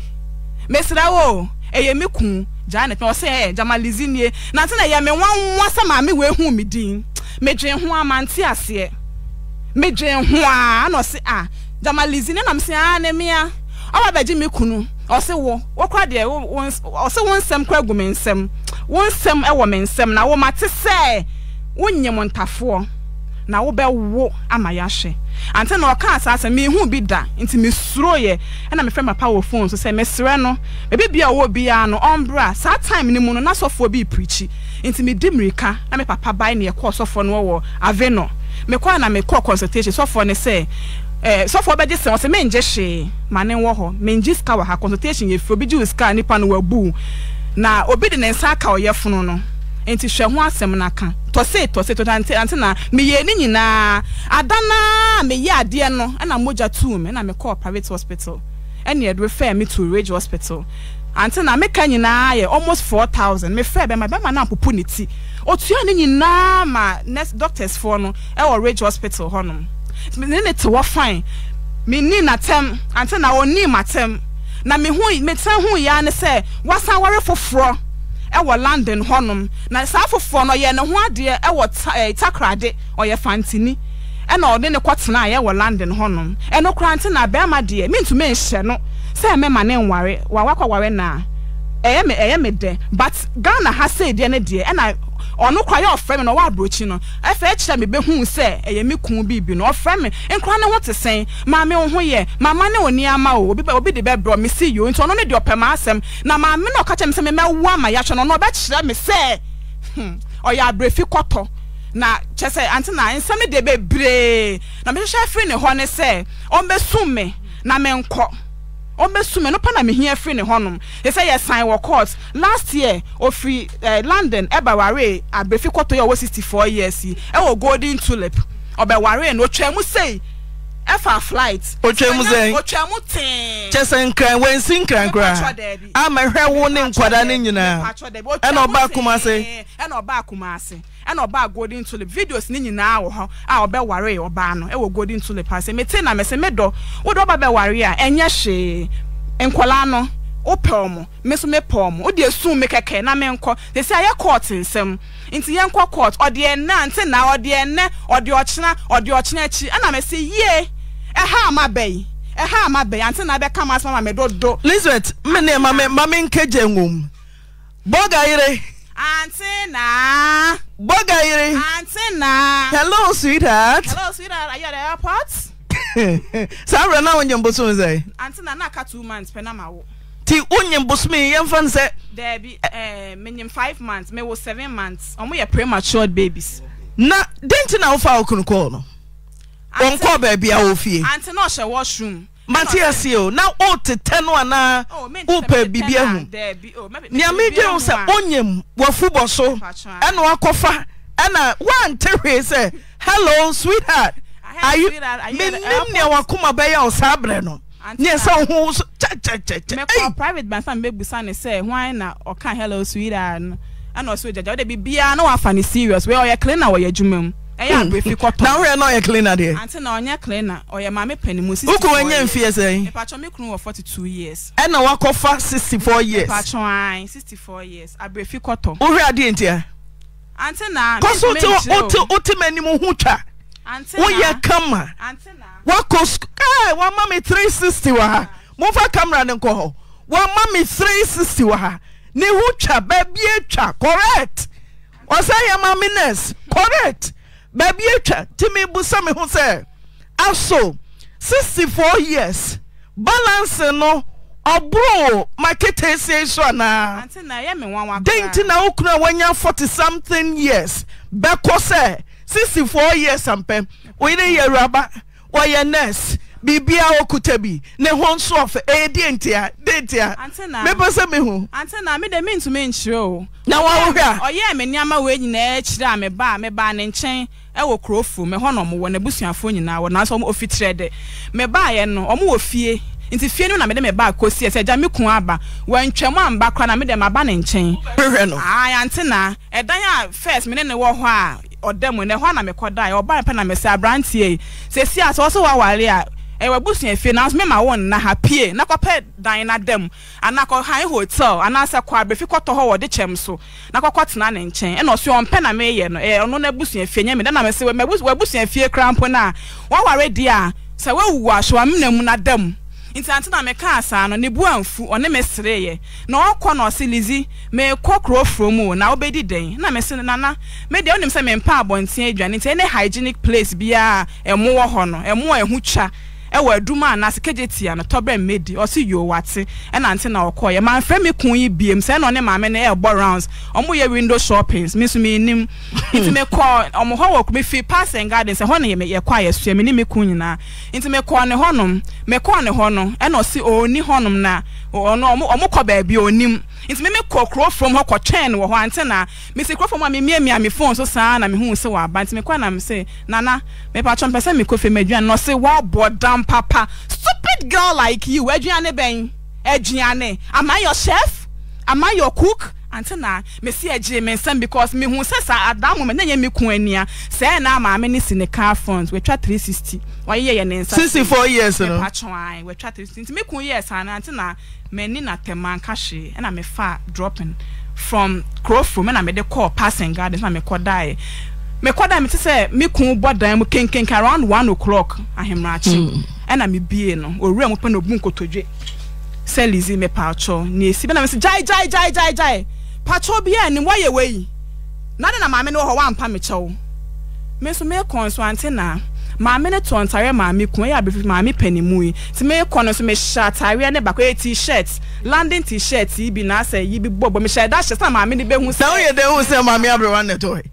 mesrɛ wo ɛyɛ me ku janet na ɔsɛ ɛyɛ jamalizi nie na nti na ɛyɛ me nwanwa sɛ maame wɔahu me din medwen ho amante aseɛ medwen ho a na ɔse a ah, jamalizi ne nam sɛ a ah, ne mea ɔba bɛgye me kunu ɔsi wo wɔkɔ deɛ ɔsi wo nsɛm kɔ egu mi nsɛm wo nsɛm ɛwɔ mi nsɛm na wɔn ate sɛ wonyim ntafoɔ na wobɛwo ama yɛahwɛ ante na ɔka saa sɛ mehu bi da nti mesuro yɛ ɛna mefrɛ pa wɔ phone so sɛ mesrɛ no baabi bia ɔwɔ biara no ɔmbra saa a-taim no mu no na sɔfoɔ bi pirikyi nti medi mirika na me papa bae ne yɛkɔɔ sɔfoɔ no wɔ aveno mekɔɔ na mekɔɔ consultation sɔfoɔ ne sɛ ɛɛ sɔfo bɛgye sɛ ɔsɛ mengye hwee mane wɔ hɔ mengye sika wɔ ha consultation yɛ fi obi gye sika nipa no wabu na obi de ne nsa aka ɔyɛ funu no nti hwɛ ho asɛm n'aka tɔse tɔse tɔse ante ante na meyɛ ne nyinaa adana meyɛ adeɛ no ɛna mogya tuu mi ɛna mekɔɔ private hospital ɛna yɛde fɛɛ mi to rage hospital ante na meka nyinaa yɛ almost four thousand mefɛ bɛma bɛma na apopo ne ti otua ne nyinaa ma nurse doctors foɔ no ɛwɔ rage hospital hɔnom. ne ne te wɔ fain me ni n'atɛm ante na ɔni m'atɛm na me hu me tɛn hu yaa ne sɛ wasan wɔre foforɔ ɛwɔ london hɔnom na saa foforɔ no ɔyɛ ne ho adeɛ ɛwɔ ta ɛɛ takrade ɔyɛ fantini ɛna ɔde ne kɔtena ayɛ wɔ london hɔnom ɛno kora ante na bɛrima deɛ me nhyɛ no sɛ mɛma ne nware wa wakɔ ware naa ɛyɛ me ɛyɛ me dɛ but ghana ha sɛ deɛ ne deɛ ɛna ɔno kwa yɛ ɔfrɛ na ɔwɔ aburokyi no ɛfɛ ɛkyerɛ me bɛhu sɛ ɛyɛ me kun bi bi na ɔfrɛ ho te maame ho yɛ maama ne ama o obi obi de bɛbrɔ me si yoo nti ɔno ne deɛ ɔpɛ na maame na ɔka sɛ ama no ɔno ɔbɛkyerɛ me sɛ hmm, ɔyɛ aburofi kɔtɔ na kyɛ sɛ ante na nsɛm de bebree na ne hɔ ne sɛ ɔbɛsu mi nipa na mi hin efiri ne hɔnom efɛ yɛ sign wɔ court last year ofiri ɛɛ eh, london ɛba ware abirifi kɔtɔ yɛ ɔwɔ sixty four years yi ɛwɔ e golden tulip ɔbɛ ware no otwa mu sei ɛfa flight. otwa mu sɛn otwa mu tɛn. kyɛ sɛ nkran wɛnsi nkran kura ama hwɛ wo ne nkwadaa ne nyinaa ɛna ɔba akumase. ɛna ɔba akumase ɛna ɔba golden tulip videos ne nyinaa wɔ hɔ a ɔbɛware ɔbaa no ɛwɔ golden tulip ase mete na mese me dɔ wodɔ ɔba bɛware a ɛnyɛ hwee nkwadaa no. wopɛ ɔmo me so mepɛ ɔmo wode esum me kɛkɛ na me nkɔ te sɛ ayɛ court nsɛm nti yɛn nkɔ court ɔde ɛnɛ ante na ɔde ɛnɛ ɔde ɔkyena ɔde ɔkyena akyi ɛna mɛ sɛ yie ɛha ama bɛyi ɛha ama bɛyi ante na bɛka ma asoma ma mɛ dodo. lisbeth mme ne ma mi ma bɔga ante bɔga ante hello sweetheart. hello sweetheart [laughs] saa ante ti wonyim bosomi yɛmfa no sɛ daabi eh, menyim five months mewɔ seven months ɔmo yɛ premature babies na denti na wofa wo kunu kɔɔ no wɔnkɔɔ baabi a wɔfie ante na ɔhyɛ washroom mate ase o na wotetɛ no anaa wopɛ biribi ahu nea megye wo sɛ wonyim wafubɔ so ɛna wakɔfa ɛna woante hwee sɛ hello sweetheart menim nea wakoma bɛyɛ wo saa berɛ no nyɛ sɛ wo ho so kyɛkyɛkyɛkyɛ mekɔ private bank sɛ mebɛbusa ne sɛ hwan na ɔka hello sweetheart no ɛna ɔsɛ ogyagya wode biribiaa na wafa ne serious wei ɔyɛ cleaner. na wɔyɛ adwuma mu ɛyɛ abrefi mm. kɔtɔ na worɛ cleaner ɔyɛ clean deɛ ante na ɔnyɛ clean na ɔyɛ maame pani mu sisi wokɔ wanya mfie sɛn mepatwɔ me kunu forty-two years ɛna sixty-four years mepatwɔ sixty-four years abrefi kɔtɔ wohwɛ adeɛ ntia ante na kɔ so wote wote m'anim ho twa woyɛ kama ante na woakɔ eh, wɔma me 360 wɔ ha momfa kamera ne nkɔ hɔ wɔma me 360 wɔ ha ne ho twa baabia twa correct ɔsɛ yɛ correct sɛ ho sɛ aso 64 years balance no ɔboro maketesiei so anaa dɛn na wo a woanya 40 something years bɛkɔ sɛ four years ampɛ yɛ ruaba. wɔyɛ nurse biribia okuta bi ne ho nso ɔfɛ ɛyɛ deɛ ntia deɛ mehu. ante na mi de mi ntumi nkyerɛ o. na wɔn ahohɛ a. ɔyɛ mi nneɛma wo nyinaa kyerɛ a mi ba mi ɛwɔ mi na wɔ na ebusuafo nyinaa wɔ nanso ɔmo nti fie na mi de mi ba ɛsɛ gya mi kun aba wɔn ntwɛmu amba kora na mi de aba ne ɔda mu na ɛhɔ na mekɔ da ɔbaa pɛ na mɛsɛ aberanteɛ yi sɛsi a sɛ ɔsɛ wɔaware a ɛwɔ abusua fie nanso mema wɔn nna ha pie na kɔpɛ dan na dɛm anaa kɔ han hotel anaasɛ kɔ abɛfi kɔtɔ hɔ wɔde kyɛm so na kɔkɔ tena ne nkyɛn ɛna ɔsɛ ɔmpɛ na meyɛ no ɛɛ ɔno na abusua fie nyɛ mi dɛna mɛsɛ wɔabusua fie kra mpo na wɔaware deɛ a sɛ wɔawu wɔ asoa mu na mu na dɛm nti ante na meka asaa no ne bu amfu ɔne me na ɔkɔ na ɔse lizi meekɔ kurofuro mu na wobɛdi dɛn na mese nana medeɛ wonim sɛ mempa abɔnten adwane nti ɛne hygienic place biaa ɛmo wɔ hɔ no ɛmo a ɛho twa ɛwɔ adum a nase kegye tia no tɔbɛn mmedi ɔsi yoo wate ɛna nti na ɔkɔ yɛ maa nfɛn mi kun yi biem sɛ ɛna ɔne maame ne ɛɛbɔ rounds ɔmo yɛ window shoppings mi nso mi nim [laughs] nti mi kɔ ɔmo hɔ wɔ mi fi pass and gardens ɛhɔ no yɛ kɔ a yɛsua mi ne mi kun nyinaa nti mi kɔ ne hɔnom mi kɔ ne hɔ no ɛna ɔsi ɔɔni hɔnom na ɔno ɔmo ɔmo kɔ baabi ɔnim nti mímí kọ kuro from hɔ kɔ twɛn wɔ hɔ ante na mesi kuro from hɔ a mímí emi a mi phone so saa na mi hu sɛ waba nti mi kɔ na mi sɛ nana mipa atwa mpɛsɛ mi kɔ fam aduane na ɔsɛ wabɔ dam papa stupid girl like you aduane bɛn aduane am i your chef am i your cook. anti na mesi agye me e nsɛm because mehu sɛ saa moment na enye me enyi ya sɛɛ na maame ne si car funds wɔatwa three sixty wɔyɛ yɛ e me na e na mɛni na tɛma nka hwee ɛna mɛfa dropping from na mɛkɔ daeɛ me kun dan around one o'clock hmm. na obu nkotodwe na esi bɛna mɛ sɛ gyae gyae gyae gyae patro bi a ni wɔyɛ wei na de na maame no wɔ hɔ wampa me kyɛw me nso me kɔn so ante na maame no tɔ ntaare maame kun ɛyɛ abefi maame panimu yi ti me kɔn so me hyɛ ataare ne baako yɛ t-shirt landing t-shirt yi bi na asɛ yi bi bɔ bɔ me hyɛ ɛda hyɛ sɛ maame no bɛ hu sɛ. sɛ yɛ dɛ o sɛ maame abirawa nɛtɔ yi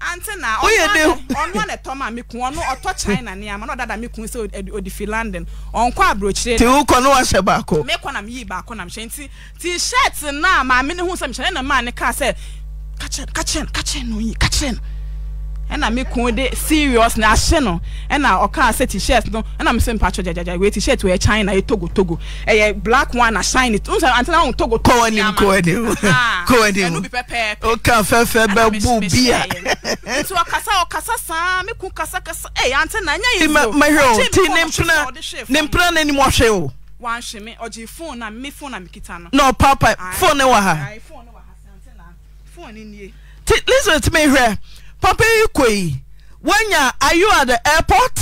ante na ɔno na ɛtɔ maa mi kun ɔno ɔtɔ china ni ama na ɔdada mi kun sɛ odi fi london ɔnkɔ aburokyire. tiwu kɔ no wahyɛ baako. mi kɔ na mi yi baako na mi hyɛ nti ti shirt na maame ne ho sɛ mi hyɛ ne na maa ne kaa sɛ kakyɛn kakyɛn kakyɛn no yi kakyɛn no ɛna mi kun de serious na ahyɛ no ɛna ɔkaa sɛ t-shirt no ɛna mi sɛ mpatsɔ gyagyagya wei t-shirt wɔ china yɛ togo togo ɛyɛ black one na shine it n sɛ antena ahun togo togo kɔɔ nim kɔɔ nim kɔɔ nim ɔka fɛfɛ bɛ bu bia nti ɔkasa ɔkasa saa me kun kasa kasa ɛyɛ antena anya yi so ma hwɛ o ti ne mpena ne mpena ne nim ɔhwɛ o. wɔn ahwɛ mi ɔgye phone na me phone na me kita no. na ɔpaapa phone ne wɔ ha. phone ne wɔ ha antena phone ne nie. ti lisbeth mi papa yi kɔ yi wanya are you at the airport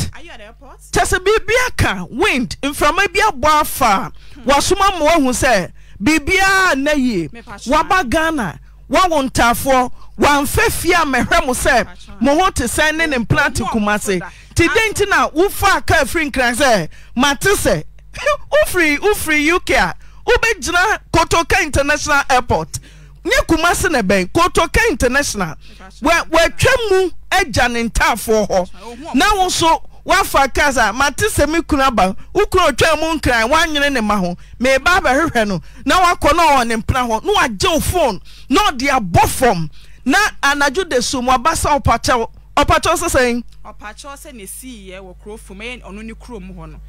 kyɛ sɛ biribi aka wind mframa bi abɔ afa hmm. wasoma ma wahu sɛ biribiara nna yie waba ghana wawo ntaafoɔ wamfɛ fie a mɛhwɛ mo sɛ mo ho te sɛn ne ne mpena kumase te den nti na wofa aka afiri nkran sɛ mate sɛ [laughs] wofiri wofiri uk a wobɛgyina kotoka international airport nye kumasi na bɛn kotoka international wɔatwa mu agya e ne ntaafoɔ hɔ na wo so wafa cars a mate sɛ me kunu aba wo kunu otwa mu nkran woanwene ne ma ho meba abɛhwehwɛ no na wakɔ na ne mpena hɔ na wagye wo phone na ɔde abɔ fam na anadwo de so mu aba sa ɔpakyɛw ɔpakyɛw sɛ sɛn ɔpakyɛw sɛ ne siiɛ wɔ kuro fom ɛyɛ ɔno ne kurom hɔ no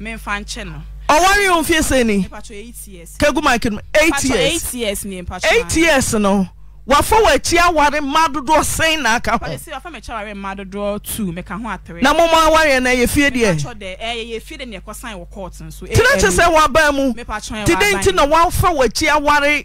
memfa nkyɛ no ọwari ohun fi ese ni kegu mike no eight years eight years no wafɔ w'akyi aware mmaa dodoɔ sɛn na aka ho na mo mo awareɛ na ɛyɛ fie deɛ tena kyɛ sɛ wabaa mu ti dɛn ti na wafa w'akyi aware.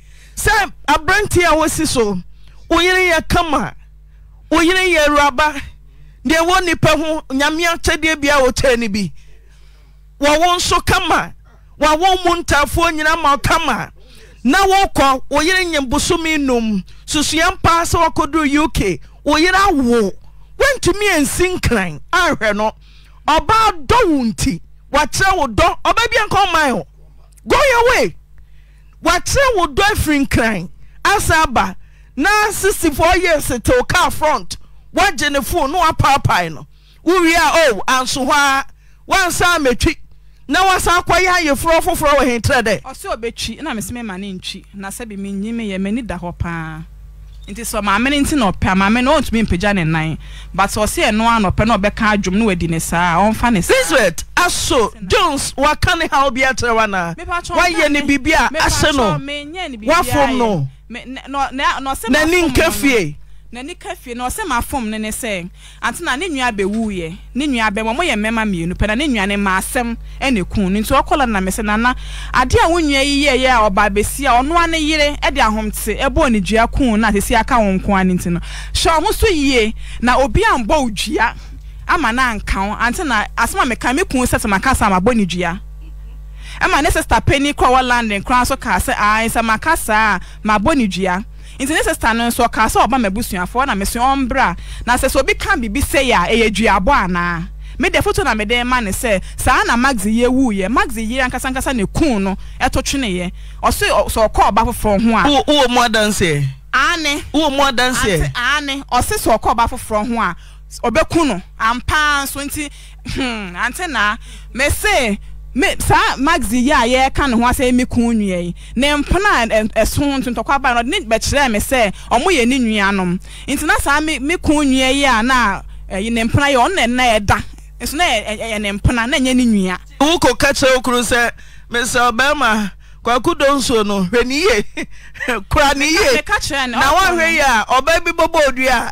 sɛ aberante a wosi so wo yere yɛ kama wo yere yɛ awuraba deɛ ɛwɔ nnipa ho nyame akyɛdeɛ bia wɔkyɛɛ no bi wɔwo nso kama wɔawo mu ntafoɔ nyina ma kama na wɔkɔ wo yere nye bosome num susua mpaa sɛ wɔkɔduru uk wo yere awo wontumi ansi nkran ahwɛ no ɔbaa dɔ wo nti wakyerɛ wo dɔ ɔbaa bia nka ɔman o go your way wakyerɛ wo dɔ afiri nkran asa aba na four years te wo car front woagye ne phone na wapaapae no wowie a o oh, anso hɔ a woansa amatwi na wasan akɔyɛ ayeforɔ foforɔ wɔ hentrɛ dɛ ɔsɛ ɔbɛtwi na mesɛ mema ne ntwi na sɛ bi menyime yɛ ni da hɔ paa nti sọ maame ne nti na ɔpɛ maame na ɔntumi mpagya ne nan but ɔsi ɛno ano ɔpɛ na ɔbɛka adwom na wadi ne saa ɔnfa ne saa. elizabeth aso jones waka ne ha obi akyerɛ wa na wayɛ ne biribi a ahyɛ no wafom no eh. n'ani nka fie. n'ani ka na ɔsɛ m'afɔm ne ne sɛ ante na ne nua wu yɛ ne nua abɛm ɔmo yɛ mmarima mmienu pɛ na ne nua ne ma asɛm ɛna ekun ne nti ɔkɔla na mɛsɛ nana adeɛ a wo nua yi yɛ yɛ a ɔba abɛsi ɔnoa ne yere ɛde ahomte ɛbɔ ne dua kun na asisi aka wɔn nko ani nti no hyɛ ɔmo so yie na obi a mbɔ odua ama na nka ho ante na asɛm a meka me kun sɛ sɛ maka sɛ mabɔ ne dua ɛma ne sista panyin kɔ wɔ landing koraa nso kaa sɛ ayi sɛ maka saa mabɔ ne dua nti ne sista no nso ɔka sɛ ɔba m'abusuafoɔ na meso ɔmbra na sɛ sɛ obi ka biribi sɛ yɛ a ɛyɛ duabɔ anaa mede foto na mede ma ne sɛ saa na max yie wuiɛ max yie ankasa ankasa ne kun no ɛto tweneɛ ɔso sɛ ɔkɔ ɔba foforɔ ho a. wo wo mu adanseɛ. aane. wo mu adanseɛ. aane ɔsi sɛ ɔkɔ ɔba foforɔ ho a ɔbɛku no ampaa nso nti hmm ante na mese. saa magzi yi a yɛreka ne ho asɛ mi kun nua yi ne mpona ɛso ba no ɔde ne bɛkyerɛ sɛ ɔmo na saa mi mi kun yi a na ɛyi ne mpona yi ɔno na ɛna ɛda nso na ɛyɛ ne mpona na ɛnyɛ ne nua. okuru kwaku do nsuo no [laughs] kura na a bi a."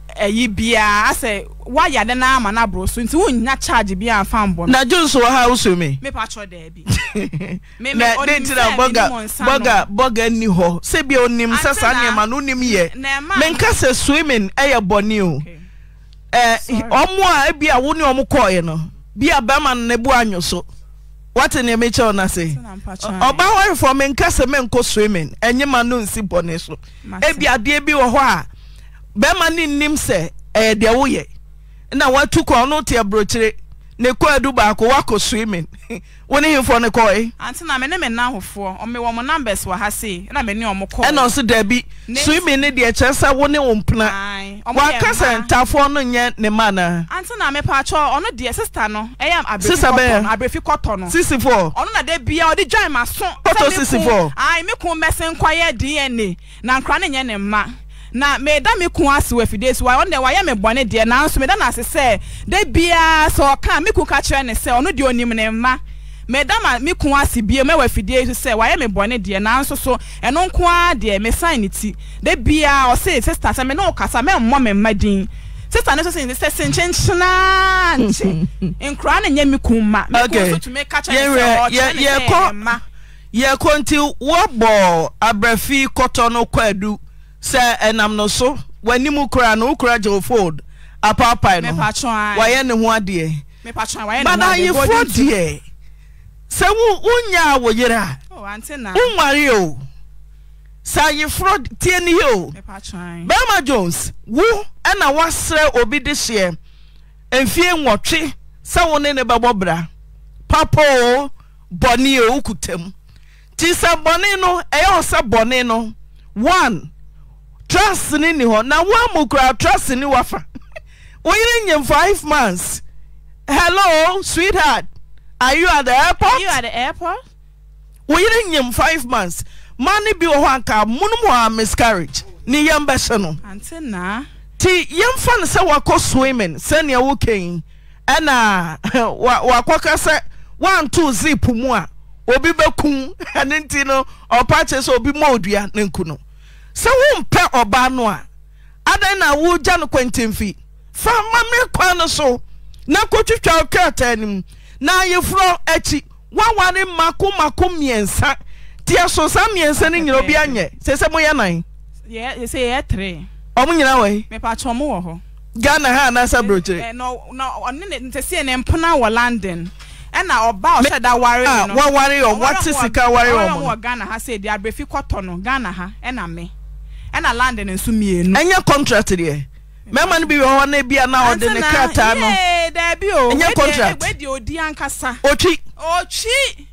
ɛyi biara asɛ waya na nan na n'aburo so nti wọn nyina charge bi anfa mbɔ. na jones wɔ ha awusu mi. [laughs] mepa atwere dɛɛbi. [laughs] na ne ntina bɔga bɔga bɔga ni hɔ sebi onim sasa nneɛma no onim yɛ menka sɛ swimming ɛyɛ bɔni o ɛɛ ɔmo a ebi a wo ne ɔmo kɔɔɛ no bi a bɛrima no ne anyo so wate ne mekyɛ na se ɔba hɔrefo menka sɛ menkɔ swimming ɛnyɛ ma no nsi bɔne so ebi adeɛ bi wɔ hɔ a. bɛrima ne nnim sɛ ɛyɛ deɛ woyɛ na watu kɔ ɔno te aburokyire ne kɔ adu baako wakɔ swimming [laughs] wo ne himfoɔ ne kɔe ante na me ne me na ahofoɔ ɔme wɔ mo numbers wɔ ha sei na me ne ɔmo kɔ ɛna ɔso daabi swimming ne deɛ kyerɛ sɛ wo ne wo mpena waka sɛ no nyɛ ne ma naa ante na mepaatwɛ ɔno deɛ sista no ɛyɛ abrɛfi kɔtɔ no sisifoɔ ɔno na da bia ɔde dwan ma so kɔtɔ kun nkɔyɛ dna na ne nyɛ ne na meda me ko ase wɔ afidie so ɔno deɛ wayɛ me bɔne deɛ nanso meda no ase sɛ da biara sɛ ɔka me ko ka kyerɛ ne sɛ ɔno deɛ ɔnim ne mma meda ma me ko ase bie ma wɔ afidie so sɛ wayɛ me bɔne deɛ nanso so ɛno nko ara deɛ mesan ne ti da biara ɔse sista sɛ me ne wo kasa mɛmmɔ me mma din sista ne [laughs] so sɛ sɛ sɛ nkyenkyenaa nkye nkura ne nyɛ me kun ma me kun so tumi ka kyerɛ sɛ ɔkyerɛ ne sɛ ɛma yɛkɔ nti wɔbɔ abrɛfi kɔtɔ no kɔ adu sɛ ɛnam no so w'anim koraa no wokora gyeofold apaapae no wayɛ ne ho adeɛ badayefoɔ deɛ sɛ wonyaa wo yere a oh, woware o sɛ ayeforɔ tie o jones wo ɛna woasrɛ obi de hyeɛ mfie nwɔtwe sɛ wo ne ne bɛbɔ bra papoo bɔne o wo nti sɛ bɔne no ɛyɛ wo sɛ bɔne no 1 trust ni ni hɔ na wɔn mu kura trust ni wafa [laughs] wɔyere nye five months hello sweetheart are you at the airport. are you at the airport. wɔyere nye five months maame bi wɔ hɔ anka munum wɔ a miscarriage Ni yɛn bɛhyɛ no. ante na. ti yɛn fa no sɛ wakɔ swimming sɛnea wokan ɛna [laughs] wakɔ kasa wantu zip mu a obi bɛkum ɛne [laughs] nti no ɔpa kyɛ sɛ obi mɔ odua ne nku no. sɛ wompɛ ɔbaa no a adịghị na woregya no kwantamfi fa mammerɛ kwa no so na kɔtwitwa wokrataa no mu na yɛforɔ akyi woaware makomako mmiɛnsa ntiɛ so saa mmiɛnsa no nyina obi anyɛ sɛ sɛ moyɛ nan ɔmo nyina wai ghana ha anasa borɔkyere ɛna ɔba ɔhyɛ da ware ah, no waware ɔ wate sika ware ɔ mo ghana ha sɛ di abrɛfi kɔtɔ no ghana ha ɛna me ɛna land no nso mmienu. ɛnyɛ contract deɛ mmarima no bi wɔ hɔ na ebi a na ɔde ne krataa no dabi o ɛnyɛ contract wedi odi ankasa. otwi. otwi.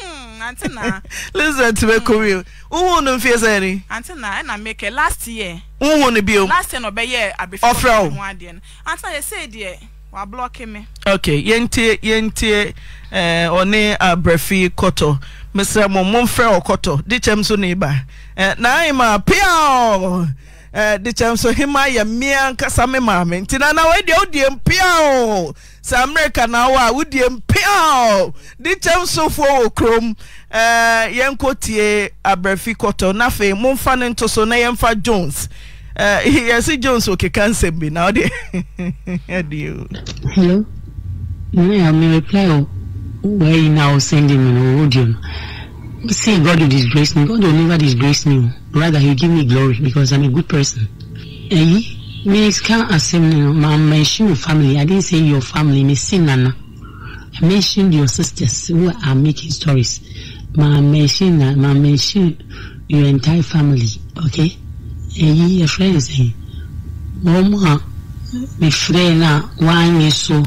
Hmm, antena. [laughs] listen to me kori wohun no mfie sɛ ni. antena ɛna meke last year. wohun no bio. last year na ɔbɛyɛ abefra ɔfra o antena yɛ sɛ deɛ wa blɔki mi. okay yɛn tie yɛn tie ɛɛ eh, ɔne abrɛfi kɔtɔ. esrɛ m mo mfrɛ kɔtɔ de kyɛm sonee ri kt ofano ɛmfa joesjones ea sɛ where you now send him in Odeon. Say God will disgrace me. God will never disgrace me. Rather, He will give me glory because I'm a good person. Eh? Me can't assume you my mention your family. I didn't say your family. Me see Nana. I mentioned your sisters who are making stories. My mention, my mention your entire family. Okay? Eh? Your friends. Eh? Mama, my friend, why me so?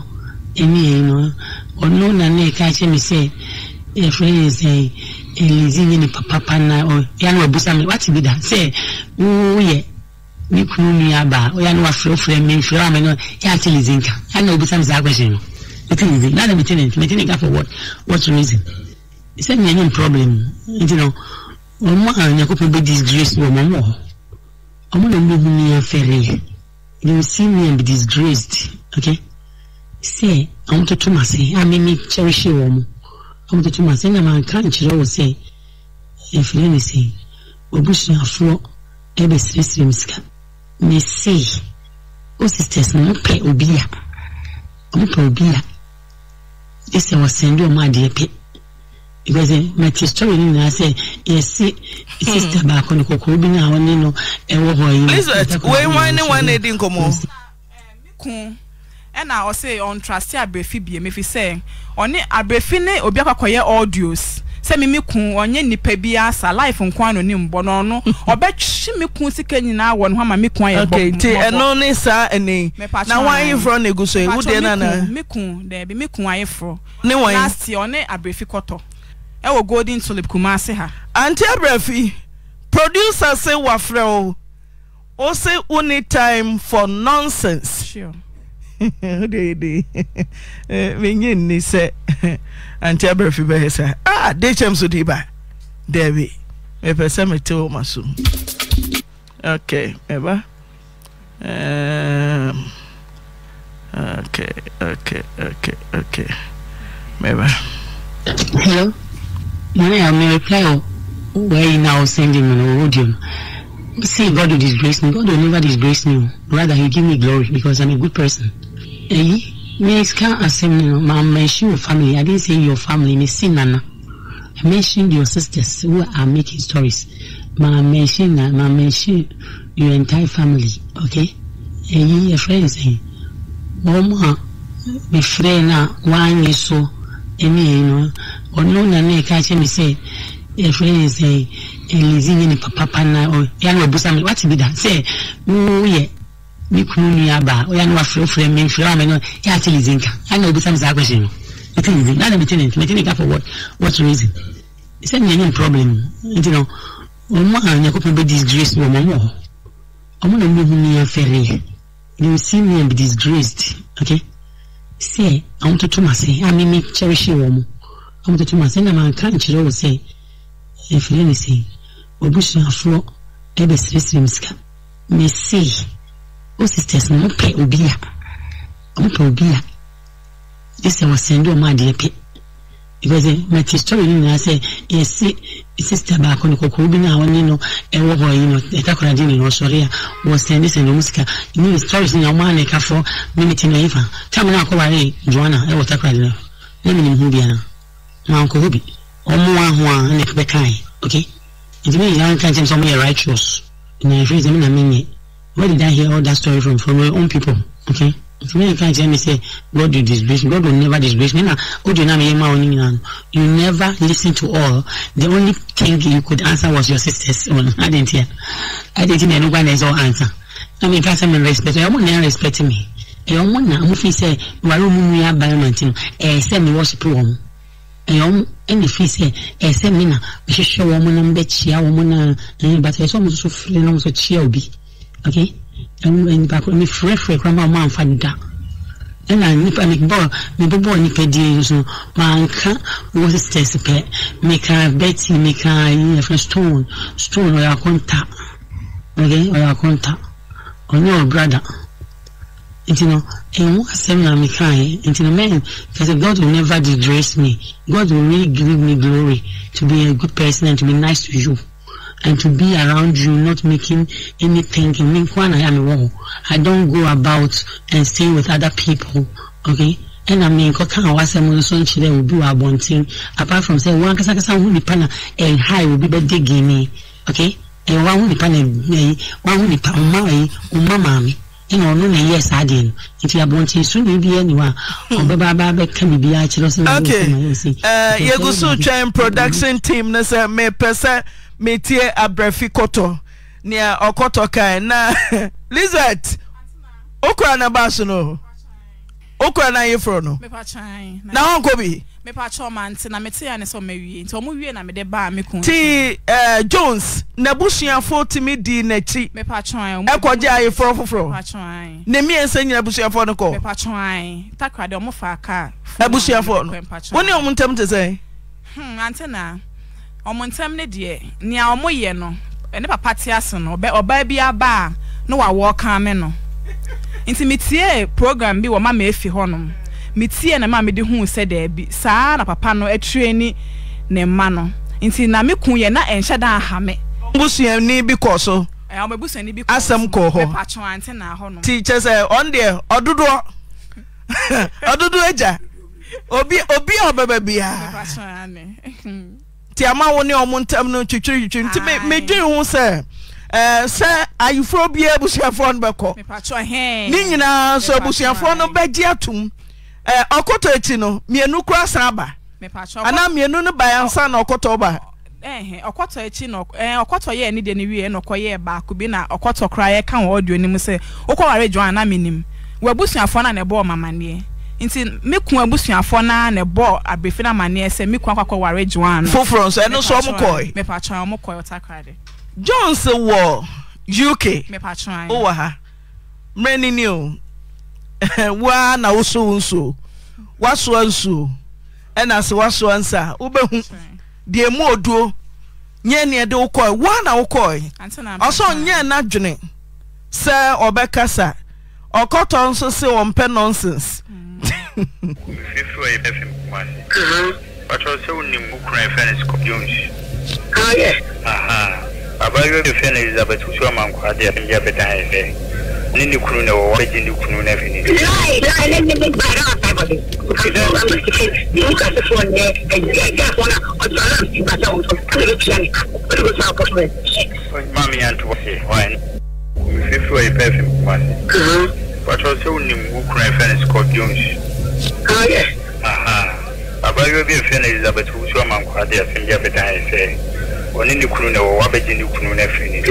Eh? You know. ɔno na ne ɛka kyerɛ e e me sɛ yɛfrɛ yɛ sɛ elizibi ne papapa na ɔya na wabusa me wate bi da sɛ woyɛ me kunu nua baa ɔya na wafrɛfrɛ me mfrɛ wa me no yɛate lizi nka ya e na wabusa me saa question no mete lizi na na mete ne mete ne nka for what what reason sɛ ne ɛnyɛ problem nti no wɔn a nyakopɔn bɛ disgrace wɔn wɔn wɔ hɔ wɔn na wɔn mu nia fɛrɛ yɛ they will see me and be disgraced okay see. ahototɔ mu ase a mimi kyɛrɛhyɛ wɔn mu ahototɔ mu ase na manka nkyerɛ wɔ sɛ efiri ne sɛ obusuafoɔ ɛbɛsirɛsirɛ mu sika ne se o sisters eh, na ɔpɛ eh, hmm. obi a ɔpɛ eh, obi a ɛsɛ wɔsɛnde ɔmo adeɛ pɛ because mati story no nyinaa sɛ yɛse sista baako no kɔkɔɔ bi na ɔne no ɛwɔ hɔ yi. wei wọn ne wọn na edi nkɔmɔ. ɛna ɔsɛ ɔntrase abrefi bie mefi sɛ ɔne abrefi ne obi akɔkɔyɛ audios sɛ mimi kun ɔnyɛ nipa bi asa life nkwan no ne mbɔ no ɔno ɔbɛtwi mi kun sika nyinaa wɔ no ho ama mi kun ayɛ bɔ okay ti ɛno ne saa ɛne na wɔn ayeforɔ na egu so ewu deɛ nana mi kun dɛbi mi kun ayeforɔ ne wɔn last year ɔne abrefi kɔtɔ ɛwɔ golden tulip kumase ha. aunty abrefi producer se wafrɛ o o se we need time for nonsense. Sure. wodeɛde eh, [laughs] ah, ah. um, ok ok ok ok ok hello mami i reply where you now sending me no audio say god will disgrace me god will never disgrace me rather he give me glory because i'm a good person eyi meka asɛm no ma mention your family i didn't say your family me si nana i mentioned your sisters who are making stories ma mention na ma mention your entire family okay eyi eh, your friends eyi eh? wɔn a mefrɛ na wɔanyɛ so ɛne eyi no ɔno na ne ka kyerɛ me sɛ ɛfrɛ ne sɛ elizi ne ne papa pa na ɔ yɛn na ɔbusa mi wate bi da sɛ woyɛ. me kunu nua ba ɔyɛ anu wafurafura mi nfura mi no e yɛ ati lizi nka ɛna obi sami saa question no eti lizi nana mi ti ne mi ti ne ka for what what reason sɛ mi yɛ ne problem nti no wɔn a nyakopɔn bɛ disgrace wɔn wɔn wɔ hɔ wɔn na mi hu mi yɛ fɛrɛ yɛ they see me be disgraced okay sɛ àwọn tó tó ma se a mi mi cherish wɔn mo àwọn tó tó ma se na ma nka nkyerɛ wɔ sɛ efiri ne se e obusuafoɔ ɛbɛ sirisiri mi sika mɛ see. wo sisters no mopɛ obi a mopɛ obi a gye sɛ wɔsɛn de ɔmo adeɛ pɛ because eh, mate story no nyinaa sɛ yɛsi sista baako no kɔkɔɔ bi na wɔne no ɛwɔ hɔ yi no ɛtakora de ne no ɔsɔre a wɔsɛn de sɛn ɔmo sika ne stories nyinaa ɔmo ana ɛkafoɔ ne ne ti na yifa tam na akɔware joanna ɛwɔ takora de no ne mi ni ho biara ma nkɔ hɔ bi ɔmo aho a ɛna ɛbɛkae okay nti mi nyinaa nka nkyɛn sɛ ɔmo yɛ righteous nyinaa efiri sɛ mi na mi nyɛ where did I hear all that story from? From my own people. Okay. If you can't tell me say God will disgrace God will never disgrace me. Now, You never listen to all. The only thing you could answer was your sisters. I didn't hear. I didn't hear nobody else answer. I mean, can't me respect. I want to respect me. Ɛyɛ wɔn na amufi sɛ wari mu nua environment no ɛsɛ mi wɔ supre wɔn ɛyɛ wɔn ɛna fi sɛ ɛsɛ mi na mehyehyɛ wɔn na mbɛkyia wɔn na ɛyɛ bata ɛsɛ wɔn nso so firi na wɔn nso kyia obi. okay nipa mefrɛfrɛ kora ma mamfa da ɛna nipa mebɔ mebɛbɔ nipadie yi so manka wɔ sisters pɛ meka betty meka yɛfrɛ stone stone ɔyɛ akɔnta okay ɔyɛ akɔnta ɔnyɛ ɔ brother nti no ɛho asɛm na mekaeɛ eh? nti no men kɛsɛ god will never disgrace me god will really give me glory to be a good person and to be nice to you and to be around you, not making any thinking. I don't go about and stay with other people, okay? ɛna menkɔ ka a wasɛm no so nkyerɛ obi wɔ abɔnten apart from sɛ wankasakasa ho nipa na ɛnhae obi bɛde gene okay ɛyɛ waho nipa na ɛyi waho nipa ɔma ɛyi ɔma maame ɛna ɔno na ɛyɛ saa deɛ no nti abɔnten so na ebi ɛni wa ɔbɛba aba abɛka biribi akyerɛ sɛ ɔmo ɔmo ɛyɛ se. yɛgu so twɛn production team no sɛ mepɛ sɛ metie abrɛfi kɔtɔ nea ɔkɔtɔ kan na [laughs] lizard okura na baasi no okura na ayeforo no na wɔn nkɔ bi. ti ɛɛ jones n'abusuafo timi di n'akyi ɛkɔgye ayeforo foforɔ ne mmiɛnsa nyina abusuafo no kɔ abusuafo no wɔn ni wɔn ntɛm te sɛ. Hmm, ɔmo ntɛm ne deɛ nea yɛ no ne papa te ase no ɔbaa bi aba a na wawɔ no nti metie program bi wɔ ma ma efi hɔnom na ma de hu sɛ daabi saa na papa no atire ni ne no nti na me kun yɛ na ɛnhyɛ dan me. busuani bi kɔ so. busuani bi kɔ so ti sɛ ɔn deɛ ɔdodoɔ [laughs] ɔdodoɔ obi obi a [laughs] nti ama wo ne ɔmo ntam no twitwiritwitwiri nti medwene ho sɛ eh, sɛ ayeforo biaa abusuafoɔ no bɛkɔ ne nyinaa nso abusuafoɔ no bɛgye atom eh, ɔkɔtɔ akyi no mmienu kora san ba anaa no baɛ ansa na ɔkɔtɔ ba ɔkɔtɔ akyi no eh, ɔkɔtɔ yɛ ne deɛ no wie na ɔkɔyɛɛ baako bi na ɔkɔtɔ koraa yɛka wɔ audio no mu sɛ wokɔware dwan na menim wabusuafoɔ no a na ɛbɔɔ nti mi kun abusuafoɔ naa na ɛbɔ abefin amaneɛ sɛ me kun akɔkɔ juan joan. foforɔ nso ɛno nso ɔmo kɔɛ. mepatwa ɔmo kɔɛ ɔta krade. jones wɔ uk. mepatwa yɛ. wowɔ ha mmerɛ nini o [laughs] waa na wosow nsuo wasoa nsuo ɛna sɛ wasoa nsa wobɛhu deɛ mu oduo nyɛ neɛ de wokɔɛ waa na wokɔɛ ɔsɔ nyɛ n'adwene sɛ ɔbɛkasa ɔkɔtɔ nso se wɔmpɛ nonsense. Mm fífi ọyẹ bẹẹ fi mú wá sí. pàtó uh-huh. sẹ́wọ̀n ni mo kura ẹ̀fẹ́ ní scorpions. Ah, bàbá yóò fi fẹ́ ní elizabeth oṣù ọmọ nǹkan adé ẹ̀fẹ́ ní abẹ́dá ẹ̀fẹ́ ní ní kunu náà wọ́n bẹ́ẹ̀ ní kunu náà fi ní. láì láì lẹ́nu ní gbàrà àtàkọ̀dé kàtó wà mí sí ní nígbà tó fún ọ̀nẹ́ ẹ̀jẹ̀ ẹ̀jẹ̀ àfọ̀nà ọ̀tọ̀ aláàbò ti bàtà ọ̀tọ̀ kálí ló ti yá ni ó lè sọ àpọ̀tọ̀ rẹ̀. mami yan tó ṣe wáyé ní fífi ọyẹ bẹẹ fi mú wá sí. pàtó uh-huh. sẹ́wọ̀n ni mo kura ẹ̀fẹ́ ní scorpions abayewa bi mfɛ no elizabeth wosu amankwade asɛm bi abɛdan ɛ sɛ ɔne ne kunu na wɔwɔ abɛgye ne kunu no afiri ne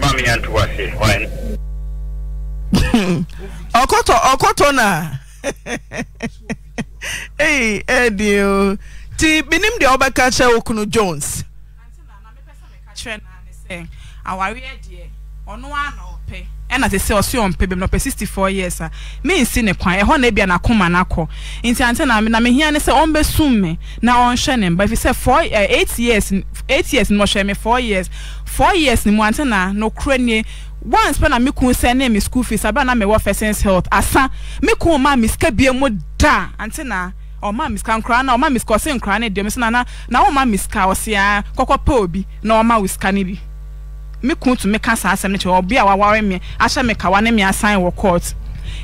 mamenyanto wase ɔkɔtɔ ɔkɔtɔ na ɛyi ɛdi o ti binim deɛ ɔbɛka kyerɛ wo kunu jones. awareɛ deɛ ɔno ana ɔpɛ ɛna te sɛ ɔsi ɔmpɛ bɛm na ɔpɛ sixty four years a mensi ne kwan ɛhɔ na ebia n'akoma n'akɔ nti ante na na mehia ne sɛ ɔmbɛsum me na ɔnhwɛ ne mba efisɛ four ɛ eh, eight years eight years na ɔhwɛ me four years four years ni mo ante na n'okura nie once pɛ na mi kun sɛ ne mi school fees abɛn na mi mewɔ first health asa mi kun maa mi sika bie mu daa ante na. ọma miska nkora na ọma miska ọsị nkora na edio na na na ọma miska ọsị ya kọkọ pa obi na ọma wiska n'ibi mi kun tu mi ka saa asɛm ne kyerɛ ɔbi a waware mi ahyɛ mi kawa ne mi asan wɔ court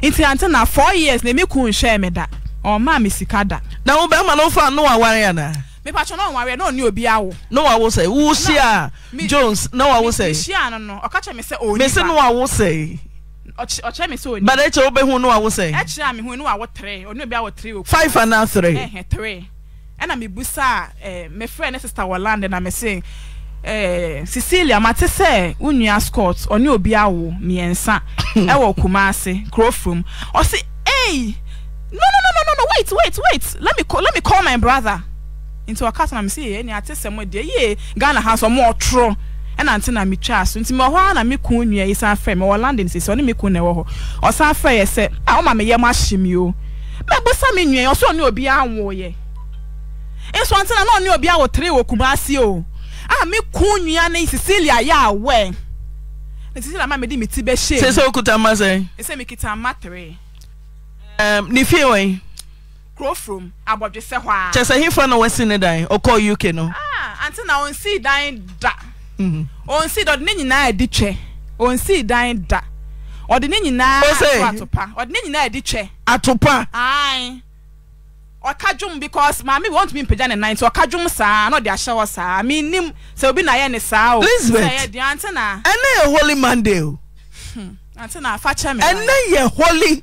nti ante na four years na mi kun hyɛ mi da ɔma mi sika da. na wo bɛrima no n'ofe no aware yana. mipatwa na ɔware na ni obi awo. no wawo sɛ wusi a jones na wawo sɛ. mi si a no no ɔka kyerɛ mi sɛ ɔni ba. mi si no wawo sɛ. ɔkyerɛ mi sɛ oni. bàdé kyerɛ wobɛhu no awo sɛ. ɛkyerɛ mi hu no awo tere onu obi awo tere oku. five and a three. ɛhɛ tere ɛna mi busa ɛɛ eh, mɛ frɛ ne sista wɔ land na mɛ se ɛɛ eh, cecilia ma te sɛ unua scott ɔne obi awo mmiɛnsa [coughs] ɛwɔ kumase kurofom ɔsi ɛyi no no no no no wait wait wait let me call let me call my brother nti ɔka na mi se yɛ ɛni ate sɛ mo deɛ yie ghana ha so ɔmo ɔtoro ɛna nti na metwa so nti mɛ ɔhɔ a na me kun nua yi san fɛ mɛ wɔ london sisi ɔne me kun na ɛwɔ hɔ ɔsan fɛ yɛ sɛ a ɔma me yɛ mo ahye mi mɛ bosa me nua yi ɔsɔ ɔne obi anwo yɛ nso nti na ɔne obi awɔ tere wɔ kumasi o a me kun nua ne cecilia yɛ awɛ na cecilia ma me di me ti bɛ hyɛ. sɛ okuta ma sɛ. ɛsɛ mi kita ma tere. ɛɛm ne fie wɔ yi. abɔdwesɛ hɔ a. kyɛ sɛ hifa na wɔsi ne dan ɔkɔ uk no. ah aunty na ɔnsi dan da onsi mm-hmm. dɔ ɔde ne nyinaa adi twɛ onsi dan da ɔde ne nyinaa ato atopa ɔde ne nyinaa adi twɛ. atopa. ayi ɔka dwom because maame wɔn tumi mpagya ne nan so ɔka dwom saa na ɔde ahyɛ hɔ saa mi nim sɛ obi na yɛ ne saa o. lisbeth sɛ yɛ holy monday o. Hmm. ante na afa kyɛ yɛ holy.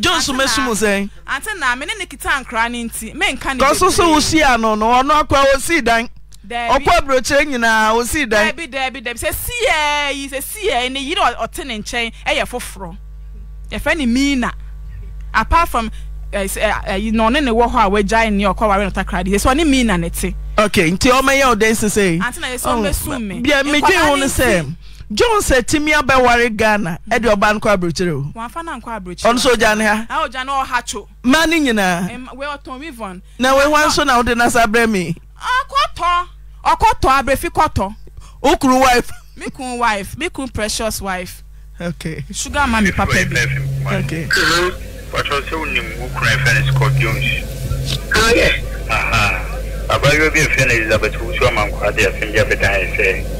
johnson mɛsum sɛn. ate na mene ne kita nkora ne nti menka ne. kɔso so wosi ano no ɔno akɔ wosi dan ɔkɔ aburokyerɛ nyinaa wosi dan. dabi dabi dabi sɛ siɛ yi sɛ siɛ ne yiri ɔte ne nkyɛn ɛyɛ foforɔ yɛfrɛ ne miina apart from ɛyi na ɔne ne wɔ hɔ a wagyae ne ɔkɔ ware no takra de sɛ ɔne miina ne te. ok nti ɔmɛyɛ ɔdɛn sese. ate na yɛ sɛ ɔmɛsum mi. bia megye wo no sɛ jones atimi abɛware ghana mhm. ɛde ɔba no kɔ aburokyire o ɔno so ogya ne ha ma ne nyinaa na wewa nso na wode nasa brɛ me ɔkɔtɔ ɔkɔtɔ abrɛfi kɔtɔ wo kuru wife Mi kun wife Mi kun precious wife okay sugar mami papa bi okay wàtò sẹ o ní mu kura ẹfẹ ní scott jones. ayẹ. abayewa bi efe na elizabeth wusu ama nkwa de afin bi abẹdan ẹsẹ.